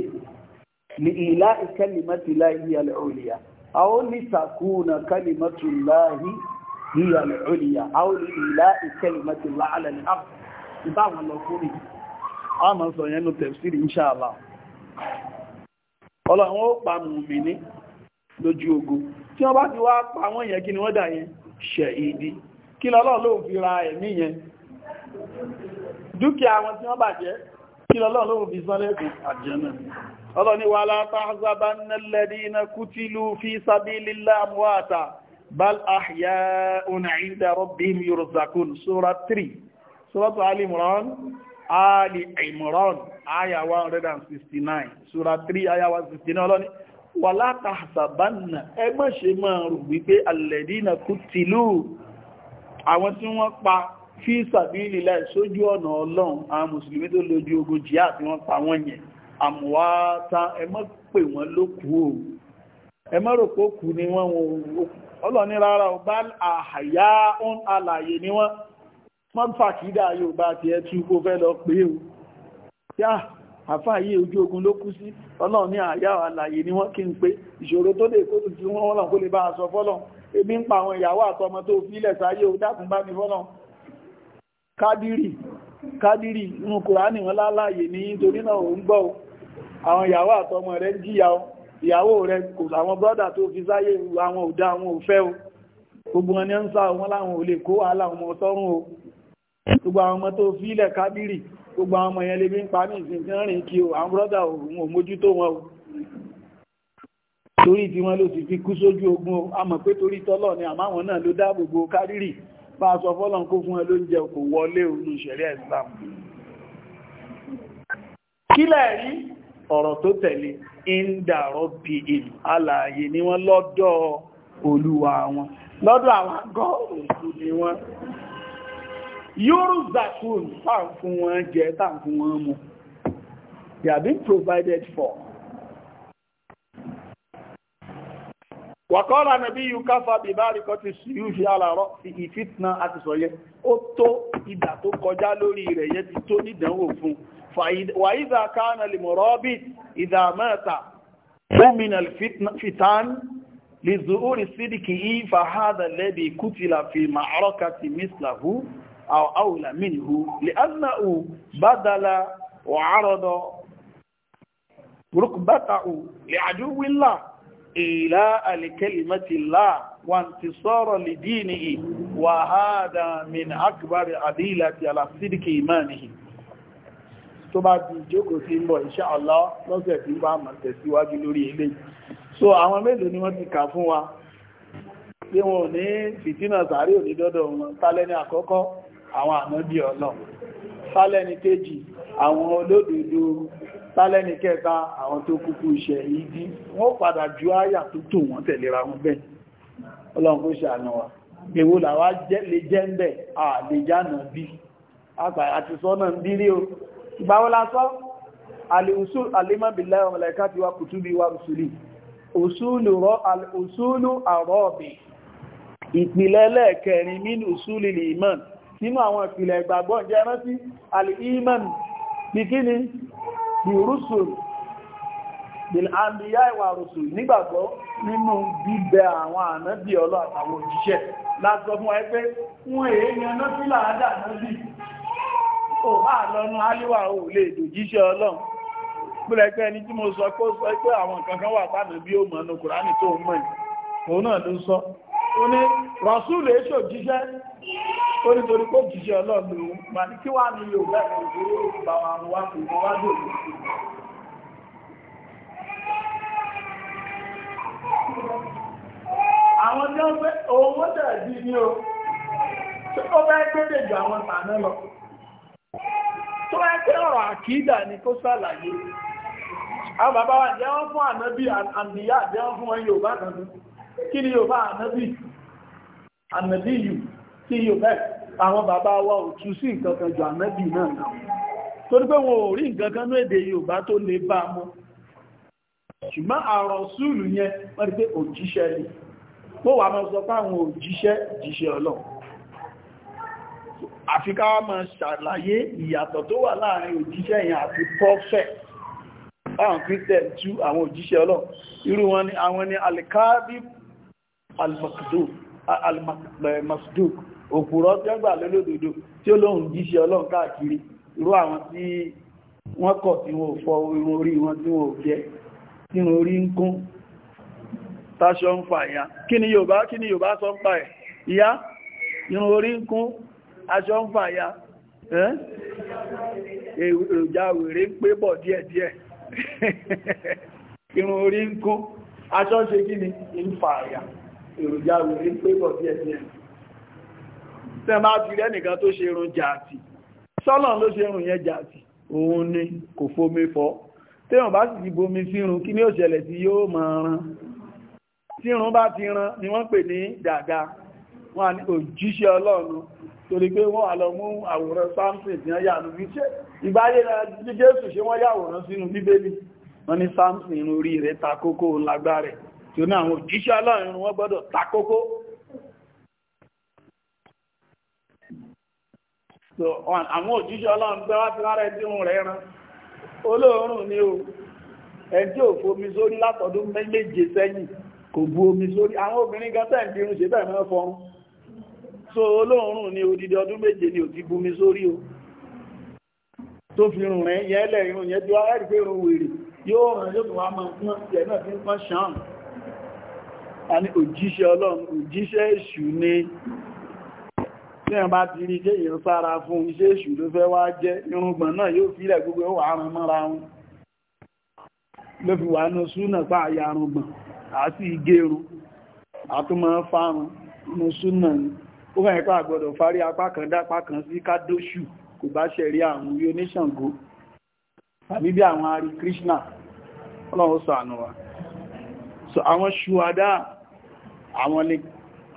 ní ìlà ìkẹlìmọ́tìlá ìyá lẹ́ọ̀lìyà àwọn olùsàkúnà kẹlìmọ́tìláhì ìyá lẹ́ọ̀lìyà àwọn ìlà ìkẹlìmọ́tìlá alẹ́ ní àbùkù ìbáwọn lọ fún ìlú a máa sọ yẹn nù tẹ̀síìrì inṣàlá ọlọ́run ó pa mùmíní lójú ogun tí wọ́n bá ti wá pa àwọn èèyàn kí ni wọ́n dà yẹn ṣẹ̀ìdí kí lọ́lọ́run ló fi ra ẹ̀mí yẹn dúkìá àwọn tí wọ́n bàjẹ́ kí lọ́lọ́run ló fi sánlẹ̀kùn àjẹ́nà ọlọ́ ni wala tahzabanna alladhina kutilu fi sabilillahi amwata bal ahya'un 'inda rabbihim yurzaqun sura 3 suratu Ali Ali Imran aya 169 sura 3 aya 169 ọlọ́ni wà látàṣàbánà ẹ má ṣe máa rò wípé alẹ́dínà kutilu àwọn tí wọ́n pa fi sabilillah sójú ọ̀nà ọlọ́run àwọn mùsùlùmí tó lójú ogun jihad tí wọ́n pa wọ́n yẹn àmúwátá ẹ má pè wọ́n lókú o ẹ má rò pé òkú ni wọ́n ọlọ́ni rárá o bá àhàyá ń alàyè ni wọ́n mọ́fàkídà yóò bá ti ẹ̀tù kó fẹ́ lọ pé o yá àfáàyè ojú ogun ló kú sí ọlọ́run ní àyà àlàyé ni wọ́n kí n pé ìṣòro tó lè kó tó ti wọ́n lọ kó lè bá a sọ fọ́lọ̀ ebi ń pa àwọn ìyàwó àtọmọ tó fi ilẹ̀ sáyé o dákun bá mi fọ́lọ̀ kádìrì kádìrì inú kùránì wọn láláyè ní nítorí náà ò ń gbọ́ o àwọn ìyàwó àtọmọ rẹ̀ ń jìyà o ìyàwó rẹ̀ kò àwọn brọ́dà tó fi sáyé àwọn òdá àwọn òfẹ́ o gbogbo wọn ni ń sá wọn láwọn ò lè kó wàhálà wọn sọ́run o gbogbo àwọn ọmọ tó fílẹ̀ kábírì gbogbo àwọn ọmọ yẹn lè bí ń pa mí ìsìn tí rìn kí o àwọn brọ́dà òun ò mójútó wọn o torí tí wọ́n ló sì fi kú sójú ogun a mọ̀ pé torí tọ́lọ̀ ni àmáwọn náà ló dáàbò bo kábírì bá a sọ fọ́lọ́n kó fún ẹ lóúnjẹ kò wọlé òun ìṣẹ̀lẹ̀ Islam kílẹ̀ rí ọ̀rọ̀ tó tẹ̀lé ìndàrọ̀ bí i alààyè ni wọ́n lọ́dọ̀ olúwa wọn lọ́dọ̀ àwọn gọ́ọ̀rùn ni wọ́n yurzakun táà fún wọn jẹ táà fún wọn mu they are being provided for wàkọ́lá nàbí yúká fàbí bárikọ́ ti síyú fi alàrọ́ fi ìfitna àti sọ̀yẹ́ ó tó ìdà tó kọjá lórí rẹ̀ yẹ ti tó nídánwò fún wàíza káàna lè mọ̀rọ̀ bí ìdàmẹ́ta gómìnà fitan lè zuúrí sídìkì ìfàhádà lẹ́bí kútìlà fi ma'arọ́kà ti mislahu أو أولى منه لأنه بدل وعرض ركبته لعدو الله إلى لكلمة الله وانتصار لدينه وهذا من أكبر أدلة على صدق إيمانه tó bá di ìjókòó sí ń bọ̀ insha Allah lọ́sẹ̀ tí bá mọ̀ tẹ̀síwájú lórí ilé so àwọn mélòó ni wọ́n ti kà fún wa pé wọn ò ní fìtínà sàárè òní dọ́dọ̀ wọn tálẹ́ ní àkọ́kọ́ àwọn ànábì ọlọ́run tálẹ́ni kejì àwọn olódodo tálẹ́ni kẹta àwọn tó kúkú iṣẹ́ yìí dí wọ́n padà ju áyà tó tò wọ́n tẹ̀lera wọn bẹ́ẹ̀ ọlọ́run kó ṣàánú wa èwo làwa lè jẹ́ ń bẹ̀ à lè jánà bí o ìgbàwó lásán alìhùsùl alìmọ̀bìlá ọmọlẹ́ká ti wá kùtù bí wá rùsùlì òsùlù àrọ́ọ̀bì ìpìlẹ̀ mínú sùlì lè mọ́n nínú àwọn ìpìlẹ̀ ìgbàgbọ́ jẹ́ rántí al-iman bí kí ni bí rúsùl bil anbiya wa rúsùl nígbàgbọ́ nínú bíbẹ àwọn ànábì Ọlọ́run àtàwọn òjíṣẹ́ lásọ fún ẹgbẹ́ wọn èèyàn náà sí làádà náà bí ò bá lọ́nu aliwa ò lè dòjíṣẹ́ Ọlọ́run pẹ́lẹ́pẹ́ ẹni tí mo sọ kó sọ pé àwọn kankan wà tánà bí ó mọ̀ ní Kùránì tó mọ̀ òun náà ló sọ ó ní rọ̀súlù èṣò jíṣẹ́ ó ní torí kó jíṣẹ́ ọlọ́ọ̀lù ma ní kí wá ní Yorùbá ìrìnlẹ̀ Yorùbá wa wá sí ìwájú òun àwọn tí wọ́n fẹ́ òun wọ́n tẹ̀lé ní o ó fẹ́ gbédè ju àwọn tàná lọ tó ẹ pé ọ̀rọ̀ àkídà ni kó ṣàlàyé àwọn bàbá wa jẹ́ wọ́n fún ànábì àmìyá jẹ́ wọ́n fún wọn Yorùbá kan kí ni Yorùbá ànábì ànábì yìí tí yóò bẹ́ àwọn bàbá wa ò tú sí nǹkan kan jù ànábì náà lọ torí pé wọn ò rí nǹkan kan ní èdè Yorùbá tó lè bá mú ṣùgbọ́n àrọ̀súùlù yẹn wọ́n rí pé òjíṣẹ́ ni mo wà máa sọ fáwọn òjíṣẹ́ jíṣẹ́ Ọlọ́run àfi ká máa ṣàlàyé ìyàtọ̀ tó wà láàrin òjíṣẹ́ yẹn àti prophet báwọn christian tú àwọn òjíṣẹ́ Ọlọ́run irú wọn ni àwọn ni òpùrọ́ tí ó gbà lólódodo tí ó lóhun jíṣẹ́ ọlọ́run káàkiri irú àwọn tí wọ́n kọ̀ tí wọ́n fọ irun orí wọn tí wọ́n gẹ tí wọ́n orí ń kún táṣọ ń fà ìyá kí ni Yorùbá kí ni Yorùbá sọ ń pa ẹ̀ ìyá irun orí ń kún aṣọ ń fà ìyá èròjà wèrè ń pé bọ̀ díẹ̀díẹ̀ irun orí ń kún aṣọ ṣe kí ni ń fà ìyá èròjà wèrè ń pé bọ̀ díẹ̀díẹ̀ tẹ́ bá ti rẹ́ nìkan tó ṣe irun jààtì sọ́lọ̀ ló ṣe irun yẹn jààtì òun ni kò fomi fọ́ téèyàn bá sì ti bomi sírun kí ni ó ṣẹlẹ̀ tí yóò máa ran tírun bá ti ran ni wọ́n pè ní dàda wọ́n ní òjíṣẹ́ ọlọ́run torí pé wọ́n wà lọ mú àwòrán samson tí wọ́n yà ní wíṣẹ́ ìbáyé ní jésù ṣe wọ́n yàwòrán sínú bíbélì wọ́n ní samson irun orí rẹ̀ takókó lágbá rẹ̀ tí ó ní àwọn òjíṣẹ́ ọlọ́run wọ́n gbọ́dọ̀ takókó so àwọn òjíṣẹ́ ọlọ́run gbé wá sí lára ẹdínwó rẹ̀ rán olóòórùn ni o ẹjí ò fomi sórí látọdún méje sẹ́yìn kò bu omi sórí àwọn obìnrin gan tẹ́ ń dirun ṣe bẹ́ẹ̀ mọ́ fọrún so olóòórùn ni odidi ọdún méje ni ò ti bumi sórí o tó fi rùn rẹ̀ yẹn lẹ̀ irun yẹn tó ara ìgbé irun wèrè yóò ràn yóò tó wá máa pọ́n tiẹ̀ náà fi ń pọ́n ṣàn án òjíṣẹ́ ọlọ́run òjíṣẹ́ èṣù ni tí wọ́n bá ti rí jẹ́ èèyàn sára fún iṣẹ́ èṣù ló fẹ́ wá jẹ́ irùngbọ̀n náà yóò fílẹ̀ gbogbo ó wà á rán mọ́ra wọn ló fi wà nínú súnà pa àyà arùngbọ̀n àá sì gérun àtúmọ̀ fárun nínú súnà ni ó fẹ́ ipá àgbọ̀dọ̀ fárí apá kan dápá kan sí kádóṣù kò bá ṣẹ̀rí àwọn yóò ní Ṣàngó tàbí bí àwọn arí Krishna ọlọ́run sọ àná wa so àwọn ṣùwádà àwọn lè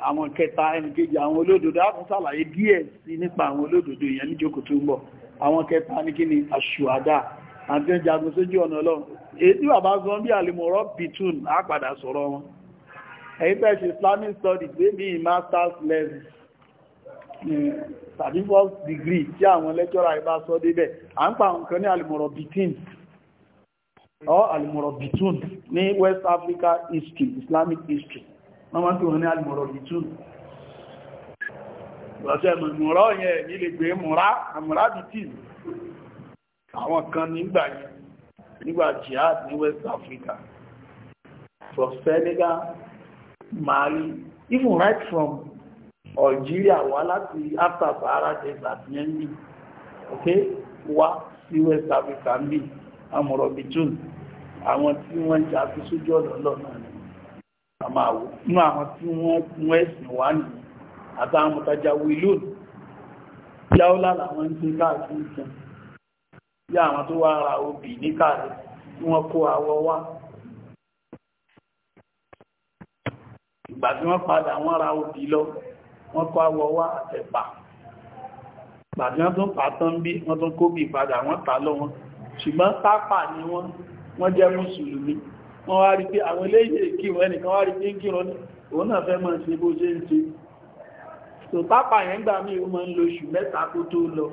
àwọn kẹta ẹni kejì àwọn olódodo ápùn sàlàyé díẹ̀ sí nípa àwọn olódodo ìyẹn ní jókòó tó ń bọ̀ àwọn kẹta ní kí ni aṣùwádà àti jagun sójú ọ̀nà ọlọ́run èyí tí bàbá sọ bí àlèmọ̀rọ̀ bitun á sọ̀rọ̀ wọn ẹ̀yìn fẹ́ ṣe Islamic studies gbé mi master's level tàbí first degree tí àwọn lecturer ìbá sọ débẹ̀ à ń pa nǹkan ní àlèmọ̀rọ̀ bitun or àlèmọ̀rọ̀ bitun ní West Africa history Islamic history wọ́n máa tó wọn ní alìmọ̀rọ̀ ìtù ìwọ̀sẹ̀ mọ̀rọ̀ yẹn ní lè gbé mọ̀rá àmọ̀rá bí tí àwọn kan nígbà yẹn nígbà jihad ní West Africa from Senegal Mali even right from Algeria wá láti after Sahara desert yẹn ní ok wá sí West Africa ń bì àmọ̀rọ̀ bí tù àwọn tí wọ́n jà sí sójú ọ̀dọ̀ lọ́nà àmàwò nínú àwọn tí wọ́n mú ẹ̀sìn wá ní àtàwọn mọ̀tàjáwò ìlónìí yáó lára wọn tí káàkiri jẹun bí àwọn tó wá ra obì ní káàkiri tí wọ́n kó àwọ wá ìgbà tí wọ́n padà wọ́n ra obì lọ wọ́n kó àwọ wá àtẹ̀pà ìgbà tí wọ́n tún pa tán bí wọ́n tún kó padà wọ́n tà lọ wọn ṣùgbọ́n tápà ni wọ́n wọ́n jẹ́ mùsùlùmí wọ́n wá rí pé àwọn eléyìí kírun ẹnìkan wá rí pé ń kírun ní òun náà fẹ́ máa ṣe bó ṣe ń ṣe tó pápá yẹn gbà mí ó máa ń lo oṣù mẹ́ta kó tó lọ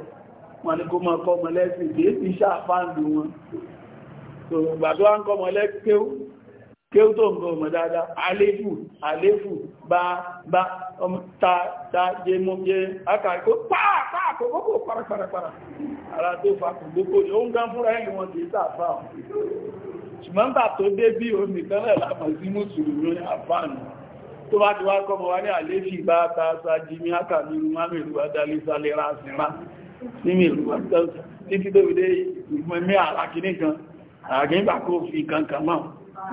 wọn ni kó máa kọ́ ọmọ lẹ́sìn kì í ti ṣàfáàlù wọn tó gbà tó wá ń kọ́ ọmọ lẹ́kéw kéw tó ń gbọ́ ọmọ dáadáa àléfù àléfù bá bá ọmọ ta ta jẹ mọ jẹ akàkó pàà pàà kó kókó parapara ara tó fa kò gbókò ó fúnra ẹ̀yìn ṣùgbọ́n bà tó dé bí onìkan rẹ̀ lápọ̀ sí mùsùlùmí àfáànù tó bá ti wá kọmọ wá ní àléfì bá ta sájí ní àkàmì mami ìrúwà dálé sálẹ̀ rásìnrá nínú ìrúwà títí tó fi dé ìgbẹ̀mí àràkíní kan àràkínígbà kó fi kankan mọ́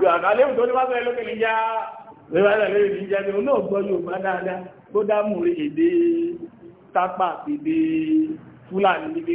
yóò àkàlẹ́wù tó ní wá sọ́rẹ́ lókè níjá rẹ̀wálẹ̀ lórí níjá ní olóògbọ́ yóò bá dáadáa bó dámù èdè tápà èdè fúlàní níbi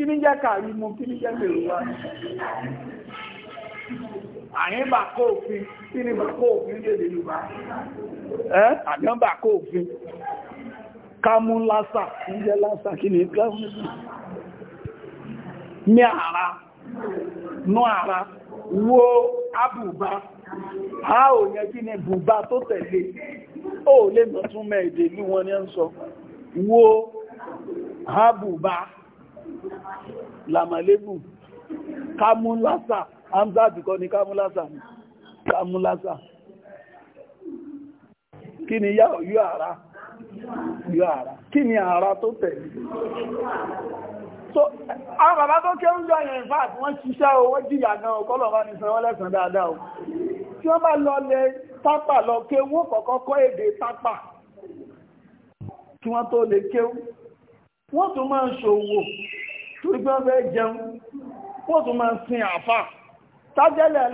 kí ní jẹ́ kàrí mú kí ní jẹ́ mèrò wá àyín bà kó òfin kí ní bà kó òfin lédè Yorùbá ẹ́ àyín bà kó òfin kámú lásà kí ní jẹ́ lásà kí ní kámú ní àrá nú àrá wo àbùbá a ò yẹ kí ní bùbá tó tẹ̀lé ó lè mọ̀ tún mẹ́ èdè ní wọn ní ń sọ wo àbùbá làmàlébù kámúlásà hamzati kọ́ ni kámúlásà ni kámúlásà kí ni yá ọ̀yọ́ ara yọ ara kí ni ara tó tẹ̀lé so àwọn bàbá tó kẹ́ ń jọ ìfà àti wọ́n ṣiṣẹ́ owó jìyà náà ọkọ́lọ̀ bá ní sanwọ́ lẹ́sàn dáadáa o tí wọ́n bá lọ lẹ tápà lọ kéwú kọ̀kọ́ kọ́ èdè tápà kí wọ́n tó lè kéwú wọ́n tún máa ń ṣòwò torí pé wọ́n fẹ́ jẹun wọ́n tún máa ń sin àfà tájẹ́lẹ̀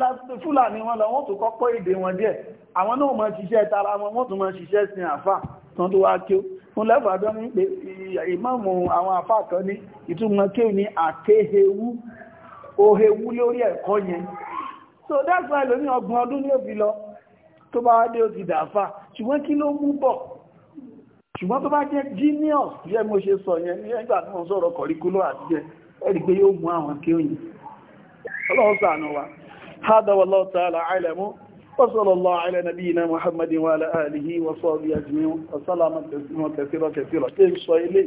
fúlàní wọn lọ wọ́n tún kọ́kọ́ èdè wọn díẹ̀ àwọn náà máa ṣiṣẹ́ tara wọn wọ́n tún máa ṣiṣẹ́ sin àfà tán tó wá kí ó fún lẹ́fàádọ́ ní pé ìmáàmù àwọn àfà kan ní ìtumọ̀ kí ó ní àkéhewú òhewú lórí ẹ̀kọ́ yẹn so that's why lóní ọgbọ̀n ọdún ní òbí lọ tó bá wá dé ó ti dàáfà ṣùgbọ́n kí ló mú bọ̀ ṣùgbọ́n tó bá jẹ́ genius jẹ́ mo ṣe sọ yẹn ní ẹgbà tí wọ́n sọ̀rọ̀ kọ̀ríkúlọ̀ àti jẹ́ ẹ̀rì pé yóò mú àwọn kí òyìn ọlọ́run ṣàánú wa hada wallahu ta'ala a'lamu wa sallallahu ala nabiyyina muhammadin wa ala alihi wa sahbihi ajma'in wa salama taslima kathira kathira tí ń sọ ilé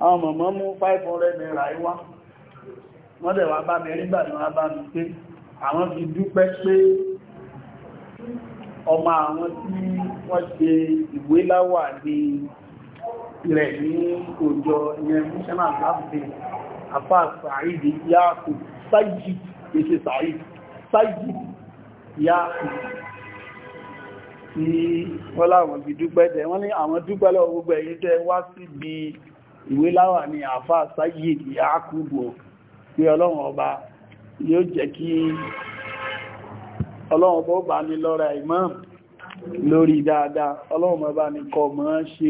àwọn mọ̀mọ́ mú 500 naira ìwá wọ́n dẹ̀ wá bá mi nígbà ni wọ́n bá mi pé àwọn fi dúpẹ́ pé ọmọ àwọn tí wọ́n ṣe ìwé láwà ní rẹ̀ ní òjò yẹn missional abdul afa sa'idi yaku sáyidi èsì sa'idi sáyidi yaku tí wọ́n láwọn fi dúpẹ́ tẹ wọ́n ní àwọn dúpẹ́ lọ gbogbo ẹ̀yin tẹ wá síbi ìwé láwà ní àfà sáyidi yaku bò pé ọlọ́run ọba yóò jẹ́ kí ọlọ́run ọba ó bá ní lọ́ra imam lórí dáadáa ọlọ́run ọba ní kọ mọ́ ṣe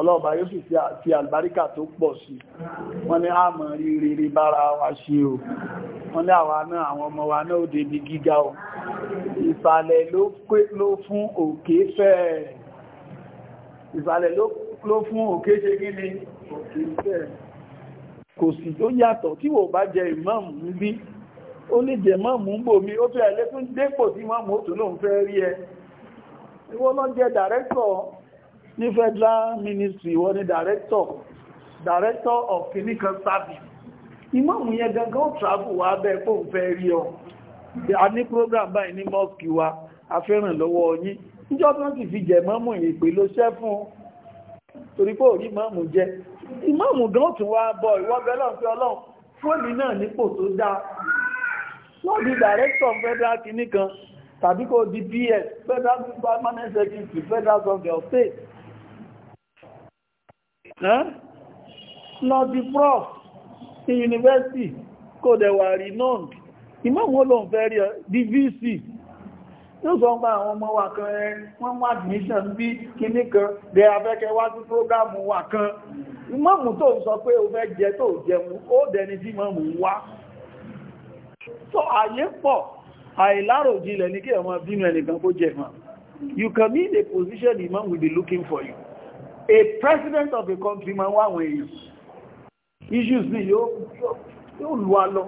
ọlọ́ọ̀bá yóò sì fi àlùbáríkà tó pọ̀ sí wọ́n ní àmọ̀ rírí bára wa ṣe o wọ́n ní àwa náà àwọn ọmọ wa náà òde ibi gíga o ìsàlẹ̀ ló fún òkè fẹ́ ìsàlẹ̀ ló fún òkè ṣe kí ni òkè fẹ́ kò sì tó yàtọ̀ tí wò bá jẹ ìmáàmù níbí ó lè jẹ mọ́mù ń bò mí ó fẹ́ ẹlẹ́fún dépò tí mọ́mù ó tún lóun fẹ́ rí ẹ ìwọ́n lọ jẹ dàrẹ́kọ̀ọ́ ní federal ministry wọ́n ni director director of clinical service ìmáàmù yẹn gangan ó travel wá bẹ́ẹ̀ kó ń fẹ́ rí ọ a ní program báyìí ní mosque wa a fẹ́ràn lọ́wọ́ yín níjọ́ tí wọ́n sì fi jẹ mọ́mù ìpè ló ṣẹ́ fún torí pé òrí mọ́mù jẹ ìmáàmù gan tún wá bọ̀ ìwọ́bẹ̀ lọ́n fi ọlọ́run fóònù náà nípò tó dáa wọ́n di director federal clinic kan tàbí kó di PS federal permanent secretary federal government of state lọ di prof ní yunifásitì kò dẹ̀wà renowned ìmọ̀wọ́ ló ń fẹ́ rí di vc yóò sọ ń bá àwọn ọmọ wa kan ẹ wọ́n wá admission bí kíní kan dẹ abẹ́kẹ́ wá sí prógámù wa kan ìmọ̀mù tó sọ pé o fẹ́ jẹ tó jẹun ó dẹni tí mọ̀mù wá so àyè pọ̀ àìláròjinlẹ̀ ní kí ọmọ bínú ẹnìkan kó jẹ you can in a position imam will be looking for you a president of a country máa wá àwọn èèyàn issues bí yóò lù wá lọ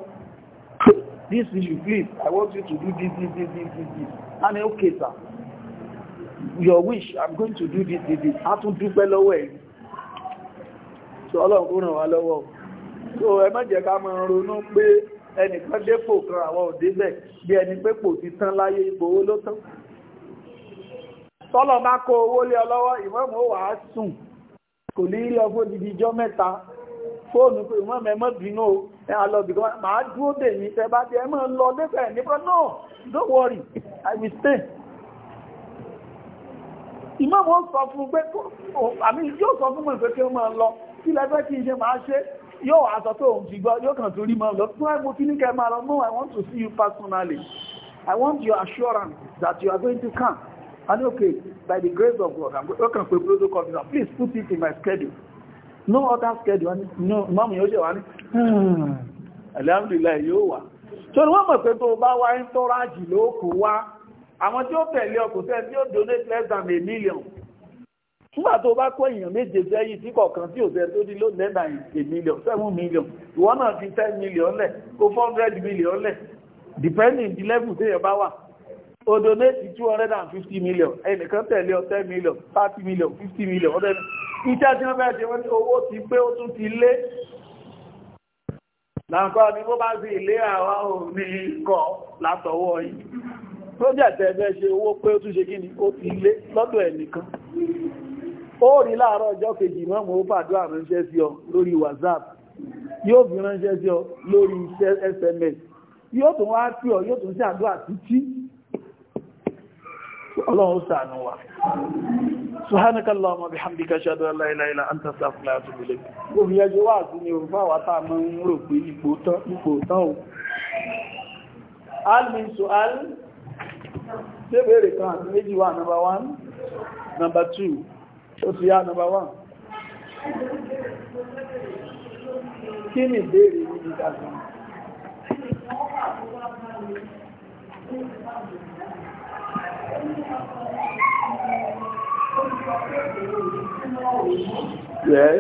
this issue please i want you to do this this this this this this and okay sir your wish i'm going to do this this this a tún dúpẹ́ lọ́wọ́ ẹ̀ so ọlọ́run kó ràn wá lọ́wọ́ so ẹ má jẹ́ ká máa ronú pé ẹnìkan dépò kan àwọn òdébẹ̀ bí ẹni pé pò ti tán láyé ipò ló tán tọ́lọ̀ bá kó owó lé ọlọ́wọ́ ìmọ̀mù ó wàá sùn kò ní rí ọgbó didi ijọ́ mẹ́ta fóònù pé ìmọ̀mù ẹ bínú o lọ bìkan màá dúró dè mí tẹ bá dé máa lọ lẹ́fẹ̀ẹ́ nípa náà don't worry i will stay. ìmọ̀mù sọ fún pé àmì yóò sọ fún mi kí ó máa lọ kí lẹ́fẹ́ kí n máa ṣe yóò aṣọ tó òun ti gbọ́ yóò kàn torí máa lọ fún ẹgbẹ́ kí ní kẹ máa lọ no i want to see you personally i want your assurance that you are going to come I okay, by the grace of God, I'm working for protocol officer. Please put it in my schedule. No other schedule. No, Mom, you're ṣe wà hmm, alhamdulillah you are. So ni wọ́n mọ̀ pé tó bá so ń tọ́ra jì ló kò wá. Àwọn tí ó tẹ̀lé ọkùn tẹ́ tí ó donate less than a million. Nígbà tó bá kó èèyàn méje sẹ́yìn tí kọ̀ọ̀kan tí ò fẹ́ tó dín ló less than a million, seven million. Ìwọ náà fi ten million lẹ̀, kó four hundred million lẹ̀, depending the level téèyàn bá wà o donate two hundred and fifty million ẹnìkan tẹ̀lé ọ ten million thirty million fifty million ọdẹ iṣẹ́ tí wọ́n fẹ́ẹ́ ṣe wọ́n ní owó ti pé ó tún ti lé làǹkọ́ ni bó bá sì ilé àwa ò ní kọ́ látọwọ́ yìí project ẹ̀fẹ́ ṣe owó pé ó tún ṣe kíni ó ti lé lọ́dọ̀ ẹnìkan ó rí láàárọ̀ ọjọ́ kejì mọ́mù ó pàdúrà ránṣẹ́ sí ọ lórí WhatsApp yóò fi ránṣẹ́ sí ọ lórí SMS yóò tún wá sí ọ yóò tún ṣàdúrà títí ọlọ́run ṣàánú wa subhanakallahumma bihamdika ashhadu an la ilaha illa anta astaghfiruka wa atubu ilayk omi ẹjọ́ wà sí ni òrùfà wà tá a mọ́ ń rò pé ipò tán ipò tán o almin su'al débèrè kan àti méjì wà number one number two ó ti yá number one kí ni ìbéèrè ní Thank you. Yes.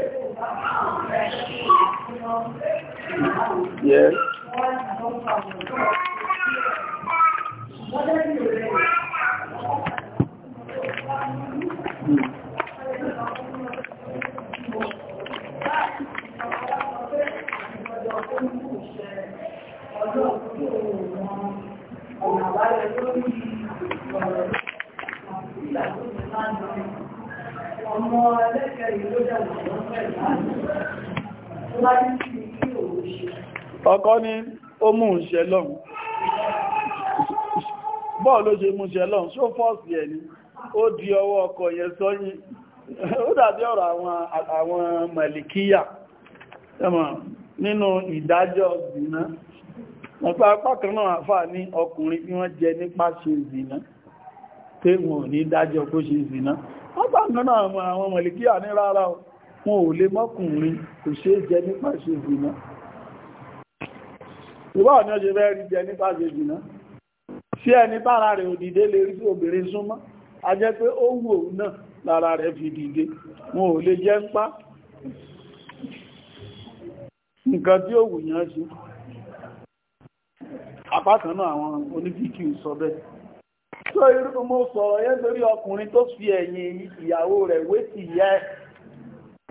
Yes. Ọjọ́ hmm ọmọ ẹlẹ́kẹ̀ẹ́ ìlú dàgbà wọ́n mẹ́ta láti sí ilé òṣèlú ọkọ́ ní ó mú ìṣẹ́ lọ́run bọ́ọ̀ ló ṣe mú ìṣẹ́ lọ́run ṣó fọ́ọ̀sì ẹni ó di ọwọ́ ọkọ̀ yẹn sọ́yìn ó dàbí ọ̀rọ̀ àwọn mẹ̀lìkíyà nínú ìdájọ́ zìnà nípa apá kan náà àfà ní ọkùnrin bí wọ́n jẹ nípa ṣe zìnà pé wọn ò ní dájọ́ kó ṣe ìsìná wọ́n bá nínú àwọn àwọn mọ̀lìkíyà ní rárá wọn ò lè mọ́kùnrin kò ṣe jẹ nípa ṣe ìsìná ìwọ́ ọ̀nà ṣe fẹ́ rí jẹ nípa ṣe ìsìná sí ẹni tára rẹ̀ òdìdé lè rí obìnrin súnmọ́ a jẹ́ pé ó wù òun náà lára rẹ̀ fi dìde wọn ò lè jẹ́ ń pa nǹkan tí ó wù yán sí apákanáà àwọn onífíkì sọ bẹ́ẹ̀ tó irú mo sọ̀rọ̀ yẹn lórí ọkùnrin tó fi ẹ̀yìn ìyàwó rẹ̀ wé ti yẹ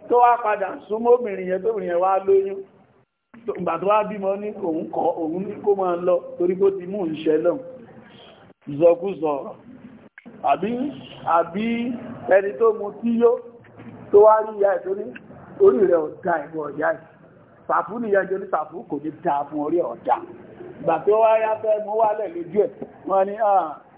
tó wá padà súnmọ́ obìnrin yẹn tóbìnrin yẹn wá lóyún ìgbà tó wá bímọ ní òun kọ òun ní kó máa lọ torí kó ti mú ìṣẹ́ lọ ìzọkúzọ àbí àbí ẹni tó mu tí yó tó wá rí ìyá ẹ̀ orí rẹ̀ ọ̀dà ìwọ̀ ìyá ẹ̀ sàfú nìyẹn jẹ́ ní kò ní dáa fún orí ọ̀dà ìgbà tó wá yá fẹ́ mú wálẹ̀ lójú ẹ̀ wọ́n ní ah,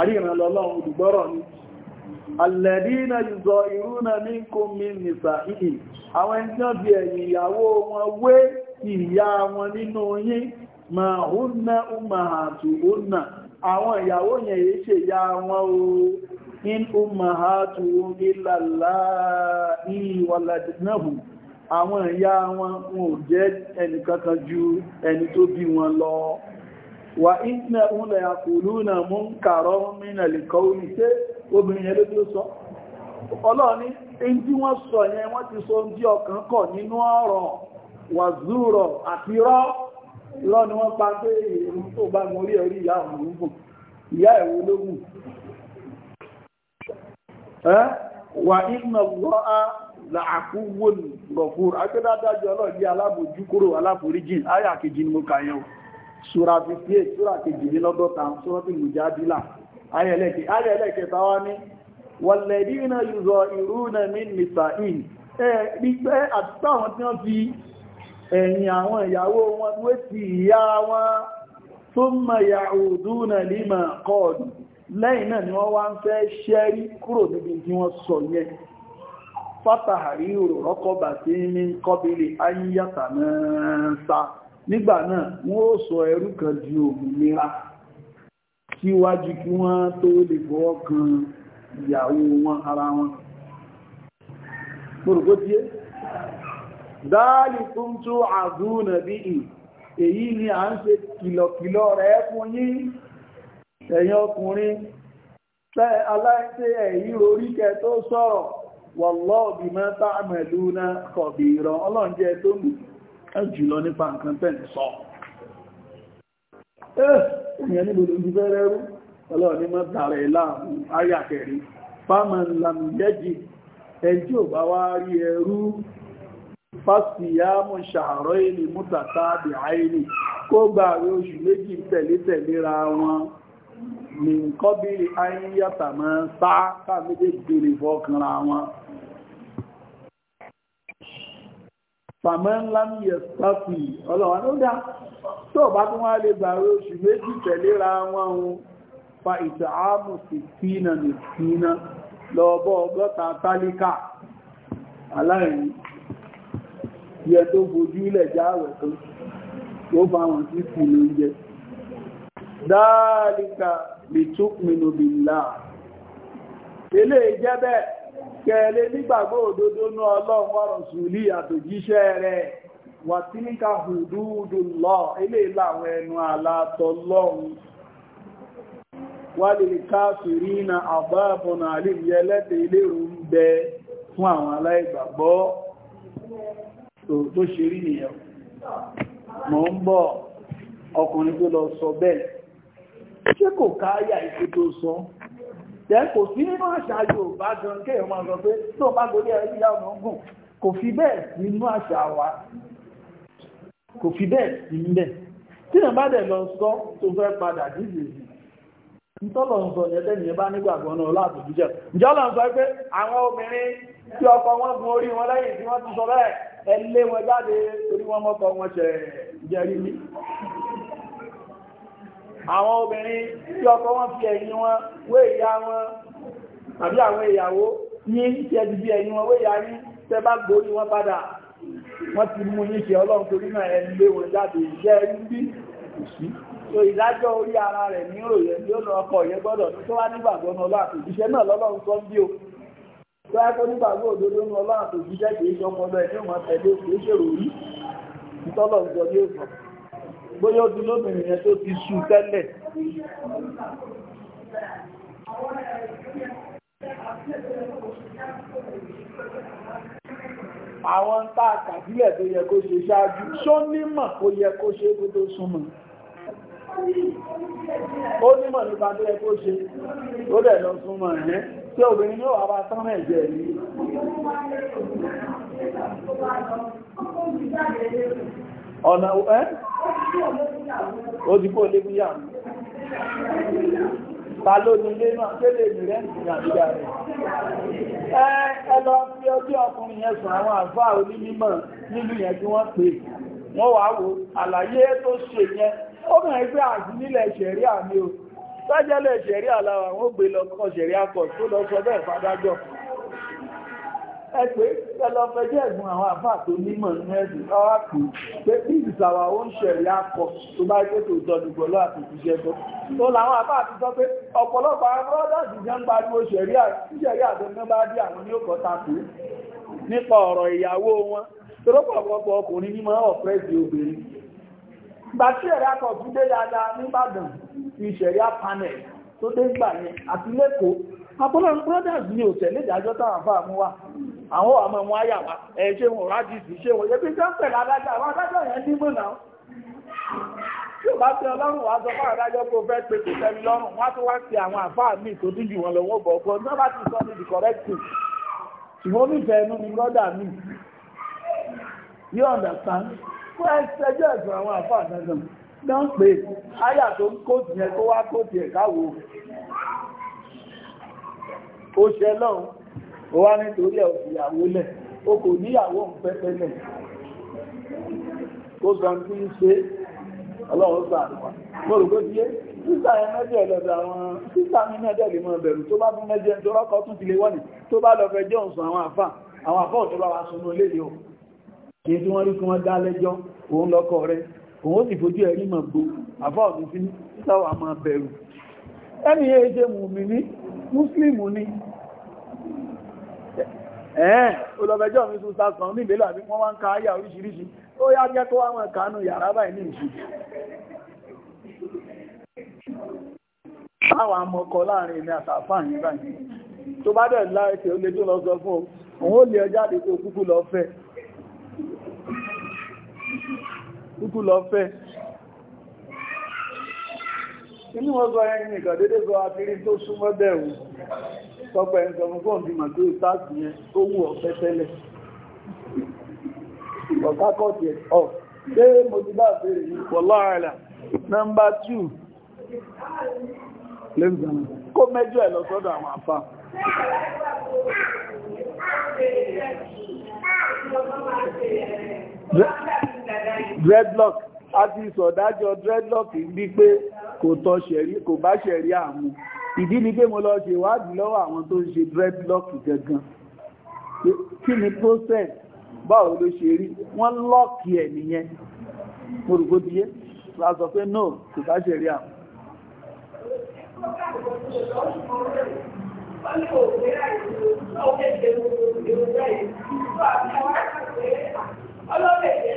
àríran lọ́lọ́run olùgbọ́rọ̀ ni alladina yùzọ ìrúnà minkum nìta nisa'ihi àwọn ẹni tí wọ́n ẹ̀yìn ìyàwó wọn wé wọn nínú yi ma hunna ummahatuhunna àwọn ìyàwó yẹn yìí ṣe ya wọn o in ummahatuhum illa allati wọn wọn ju wọn wà ìnà òunlẹ̀ àkùlù náà mú ń kààrọ mìíràn lè kọ́ orí tẹ́ obìnrin yẹn ló bí ó sọ in tí sọ yẹn wọ́n ti sọ oúnjẹ ọkàn kọ̀ nínú ọ̀rọ̀ wà zúrọ̀ àti rọ́ ni wọ́n pa pé èrò tó bá mú orí ẹ̀rí ìyá ṣúra 58 ṣúra kejìlélọ́gọ́ta ṣúra tí mùjádìlá ayẹ̀lẹ́kẹta wá ní wàlẹ̀dínà yùzọ ìrúnà min na ẹ̀rígbẹ́ àtàwọn tí wọ́n fi ẹ̀yìn àwọn ìyàwó wọn wé ti ìyá wọn tó mọ̀ ya'uduna lima qalu lẹ́yìn náà ni wọ́n wá ń fẹ́ ṣẹ́rí kúrò níbi tí wọ́n sọ yẹn fátàhàrí rọ̀kọ́bà sí ní ayíyàtà náà sáà nígbà náà wọ́n ó sọ ẹrú kan di òmìnira síwájú kí wọ́n tó lè fọwọ́ kan ìyàwó wọn ara wọn gbogbo tí é dáàlì fún tó bí i èyí ni a ń ṣe kìlọ̀kìlọ̀ rẹ̀ fún yín ẹ̀yin ọkùnrin tẹ́ aláìsẹ́ èyí rorí kẹ tó sọ̀rọ̀ wọ̀lọ́ọ̀bì mẹ́ta mẹ̀lú náà kọ̀bì ọlọ́njẹ́ tó jùlọ nípa nǹkan tẹ́ ń sọ ẹ́ ìyẹn níbo ló ti fẹ́rẹ́ rú ọlọ́run ní mọ́tàrà ìlàmù ayàkẹ̀rí fáman lamjẹ́jì ẹjí ò bá wá rí ẹrú fásitìyàmù ṣàárọ̀ ìlú mútàtà àbí àìní kó gbà rí oṣù méjì tẹ̀lé-tẹ̀léra wọn wọn fàmọ́ ńlá mi yẹ sáfì ọlọ́wọ́n ló dá tó bá tún wá lè gbàrí oṣù méjì tẹ̀léra wọn ohun fa ìtà áàmù sí fínà ní fínà lọ́ọ̀bọ̀ ọgọ́ta tálíkà aláìní yẹ tó bojú ilẹ̀ jáwẹ̀ tó bá wọn sí sí lóúnjẹ dáálíkà lè tó pinnu bí láà bẹ́ẹ̀ kele nígbàgbọ́ òdodo ní ọlọ́run wa rasuli àtòjíṣẹ́ rẹ̀ wà tí níka lọ ilé ìlàwọn ẹnu àlàtọ̀lọ́run wà lè káàkiri na àbábọ̀nà àlèyẹ lẹ́tẹ̀ ilé ìrùn bẹ fún àwọn aláìgbàgbọ́ tó ṣe rí ń bọ̀ ọkùnrin tó ṣé kò káyà jẹ́ kò sí nínú àṣà Yorùbá gan kéèyàn máa sọ pé tó bá gorí ẹ̀rọ ìyá ọ̀nà gùn kò fi bẹ́ẹ̀ nínú àṣà wa kò fi bẹ́ẹ̀ sí níbẹ̀ tí èèyàn bá dẹ̀ lọ sọ tó fẹ́ padà dídì nítọ́lọ̀ ń sọ yẹn tẹ́nìyàn bá nígbàgbọ́ náà láàbùdíjẹ́ ǹjẹ́ lọ sọ pé àwọn obìnrin tí ọkọ wọn gun orí wọn lẹ́yìn tí wọ́n ti sọ bẹ́ẹ̀ ẹ lé wọn jáde torí wọn mọ́kọ wọn ṣẹ̀ jẹ́rí ní àwọn obìnrin tí ọkọ wọn fi ẹ̀yìn wọn wé ìyá wọn àbí àwọn ìyàwó ní ìṣẹ́jú bí ẹ̀yìn wọn wé ìyá yín tẹ́ bá gbórí wọn padà wọ́n ti mú yín ṣe ọlọ́run torí náà ẹ̀ lé wọn jáde ìṣẹ́ rí sí so ìdájọ́ orí ara rẹ̀ ní òòyẹ̀ tí ó lọ ọkọ̀ yẹn gbọ́dọ̀ tó wá nígbàgbọ́ ní ọlọ́run àtòjíṣẹ́ náà lọ́lọ́run sọ bí o tó wá kó nígbàgbọ́ òdodo ní ọlọ́run àtòjíṣẹ́ kì í ṣọpọlọ ẹ̀ ní ìmọ̀ tẹ̀lé kì í ṣèrò rí sọ ní òsàn bóyá ó dún lóbìnrin yẹn tó ti sú tẹ́lẹ̀ àwọn tá a kàbílẹ̀ tó yẹ kó ṣe ṣáájú ṣó nímọ̀ kó yẹ kó ṣe kó tó súnmọ̀ ó nímọ̀ nípa tó yẹ kó ṣe ó dẹ̀ lọ súnmọ̀ ẹ̀ tí obìnrin ní ọ̀wà bá tán ẹ̀jẹ̀ rí ọ̀nà ẹ́ ó ti kó ta ló ní ilé náà tó lè ní rẹ́ǹtì ẹ lọ fi ọjọ́ ọkùnrin yẹn sùn àwọn àlùfáà onímọ̀ nílùú yẹn tí wọ́n pè wọ́n wá wo àlàyé tó ṣe yẹn ó ẹgbẹ́ àti nílẹ̀ ṣẹ̀rí o ṣẹ̀rí wọ́n gbé lọ kọ́ ṣẹ̀rí akọ̀ tó lọ sọ bẹ́ẹ̀ ẹ pé ẹlọ fẹjẹ ẹ̀gbọ́n àwọn àfáà tó nímọ̀ ní ẹ̀sìn ọwá kù pé bí ìsàwà ó ń ṣẹ̀rí akọ tó bá gbé tó tọ́jú pẹ̀lú àtòkùṣẹ́ tó tó làwọn àfáà ti sọ pé ọ̀pọ̀lọpọ̀ àwọn brọ́dọ̀sì jẹ́ ń pariwo ṣẹ̀rí àṣẹ̀rí àtọ́gbọ́n bá dé àwọn ní òkọ̀ takò nípa ọ̀rọ̀ ìyàwó wọn tọ́lọ́pọ̀lọpọ̀ ọkùnrin ní máa ọ̀pẹ́sì obìnrin gbà tí ẹ̀rí akọ̀ tún dé dáadáa nígbàdàn ti ṣẹ̀rí tó dé Apollo brothers ni ò tẹ̀lé ìdájọ́ táwọn àfáà mú wá àwọn àmọ́ wọn àyà wá ẹ ṣé wọn rádìsì ṣé wọn yẹbi sẹ́ńpẹ̀lẹ̀ adájọ́ àwọn adájọ́ yẹn nímọ̀ náà tí ò bá tẹ ọlọ́run wá sọ fún adájọ́ kó fẹ́ pé kò tẹ́mi lọ́rùn wá tó wá sí àwọn àfáà míì tó dín jù wọn lọ́wọ́ bọ̀ ọ̀pọ̀ ní wọ́n bá ti sọ ní the correct thing ṣùgbọ́n onífẹ̀ẹ́ inú ni brother mi you understand fún ẹjọ́ ẹ̀sùn àwọn àfáà náà náà pé áyà tó ń kóòtù yẹn tó wá kóòtù ẹ̀ káwọ́ ó ṣe lọ́hùn ó wá nítorí ẹ̀ òfìyàwó lẹ̀ ó kò níyàwó ń pẹ́pẹ́ lẹ̀ ó sọ tí ń ṣe ọlọ́run sọ àdúrà mo rò pé bí yé sísà ẹ mẹ́jẹ̀ ẹ̀lọ́dọ̀ àwọn sísà mi náà dẹ̀ lè mọ bẹ̀rù tó bá fún mẹ́jẹ̀ tó rọ́kọ̀ tún ti lè wọ́nì tó bá lọ fẹjọ́ ń múslìmù ni ẹ̀ẹ́ olọ́bẹjọ́ mi tún sásán ní ìbélà bí wọ́n wá ń ka ayà oríṣiríṣi ó yá jẹ́ kó wáwọn kánú yàrá báyìí ní ìṣù láwọn amọ́kọ láàrin èmi àtàfáà yìí báyìí tó bá dẹ̀ láìsẹ̀ ó lè tó lọ sọ fún òun ó lè ọjáde tó kúkú lọ fẹ́ inú wọn sọ ẹni nìkan dédé sọ akiri tó súnmọ́ bẹ̀rù sọpọ̀ ẹni sọ fún ọ̀dí mà tó sáàsì yẹn tó wù ọ̀fẹ́ tẹ́lẹ̀ ọ̀ká kọ́ọ̀tì ẹ̀ ọ̀ ṣé mo ti bá béèrè yìí pọ̀ lọ́rẹ̀lá nọ́mbà 2 lẹ́gbẹ̀rún kó mẹ́jọ ẹ̀ lọ àwọn àfà dreadlock a ti sọ̀dájọ́ dreadlock bí pé kò tọ́ ṣẹ̀rí kò bá ṣẹ̀rí àmú ìdí ni pé mo lọ ṣe ìwádìí lọ́wọ́ àwọn tó ń ṣe dreadlock gangan kí ni process báwo ló ṣe rí wọ́n lọ́ọ̀kì ẹ̀ nìyẹn mo rò gbódiyé la pé no kò bá ṣẹ̀rí àmú Ọlọ́pẹ̀ẹ́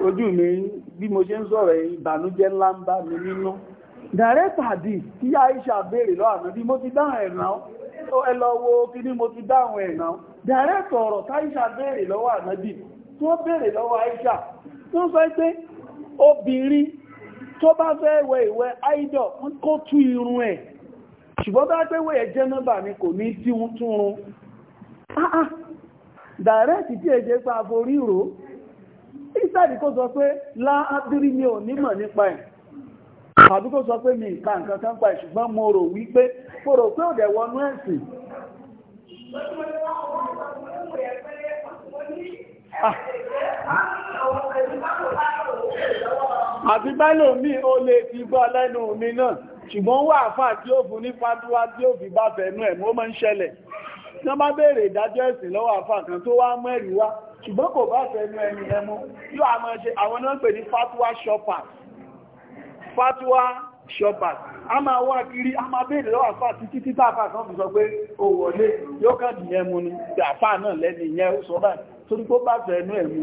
ojú mi bí mo ṣe ń sọ̀rọ̀ ìbànújẹ́ ńlá ń bá mi nínú direct hadith tí Aisha bèèrè lọ́nà bí mo ti dáhùn ẹ̀nà ó ẹlọ́wọ́ kí ní mo ti dáhùn ẹ̀nà direct ọ̀rọ̀ táìṣà béèrè lọ́wọ́ ànábì tí wọ́n lọ́wọ́ Aisha tó sọ pé obìnrin tó bá fẹ́ wẹ idol kó tú irun ẹ̀ ṣùgbọ́n bá ni kò ní tí wọ́n ah, ah. tí pa ìsáàdì kó sọ pé láàbírí ni ò nímọ̀ nípa ẹ̀ àbí kó sọ pé mi ìka nǹkan kan pa ìṣùgbọ́n mo rò wípé mo rò pé òdẹ̀ wọnú ẹ̀sìn ah! àti bẹ́lò mi ó lè fi gbọ́ lẹ́nu mi náà ṣùgbọ́n wà fà tí ó fún ní fàtíwá tí ó fi bá fẹ̀ẹ́nú ẹ̀ mọ́ mọ́ ń ṣẹlẹ̀ tí wọ́n bá béèrè ìdájọ́ ẹ̀sìn lọ́wọ́ àfà kan tó wá mẹ́rìí wá ṣùgbọ́n kò bá fẹ́nu ẹni ẹmú yóò àmọ́ ṣe àwọn náà pè ní fatuwa shoppers fatuwa shoppers a máa wá kiri a máa béèrè lọ́wọ́ àfà títí títà àfà kan fi sọ pé o wọlé yóò kàn dì yẹn mú ni tí àfà náà lẹ́ni yẹn ó sọ báyìí torí kó bá fẹ́nu ẹ̀mú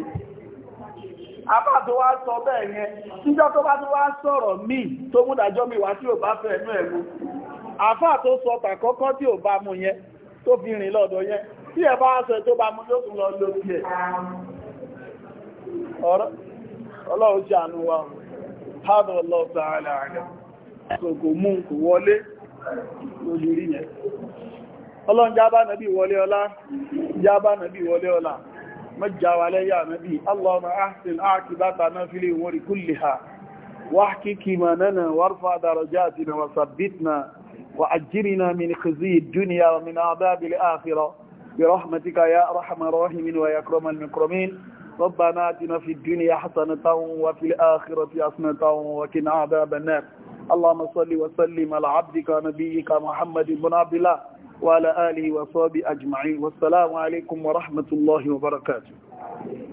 àbá tó wá sọ bẹ́ẹ̀ yẹn níjọ́ tó bá tó wá sọ̀rọ̀ míì tó múdàjọ́ mi wá tí ò bá fẹ́nu ẹ̀mú àfà tó sọ tàkọ́kọ́ tí ò bá mú yẹn tó fi rìn lọ́dọ̀ yẹn tí ẹ bá sọ tó bá mú lókùn lọ lókì ẹ̀ ọlọ́run jẹ́ àánú wa hádọ̀ lọ́ta aláàrẹ̀ kò mú kò wọlé lójúrí yẹn ọlọ́run jábá nàbí wọlé ọlá jábá nàbí wọlé ọlá mẹ́jáwalẹ́ yà nàbí allahumma ahsin aqibatana fil umuri kulliha واحكك ما لنا وارفع درجاتنا وثبتنا وأجرنا من خزي الدنيا ومن عذاب الآخرة برحمتك يا أرحم الراحمين ويا أكرم المكرمين ربنا آتنا في الدنيا حسنة وفي الآخرة حسنة وقنا عذاب النار اللهم صل وسلم على عبدك ونبيك محمد بن عبد الله وعلى آله وصحبه أجمعين والسلام عليكم ورحمة الله وبركاته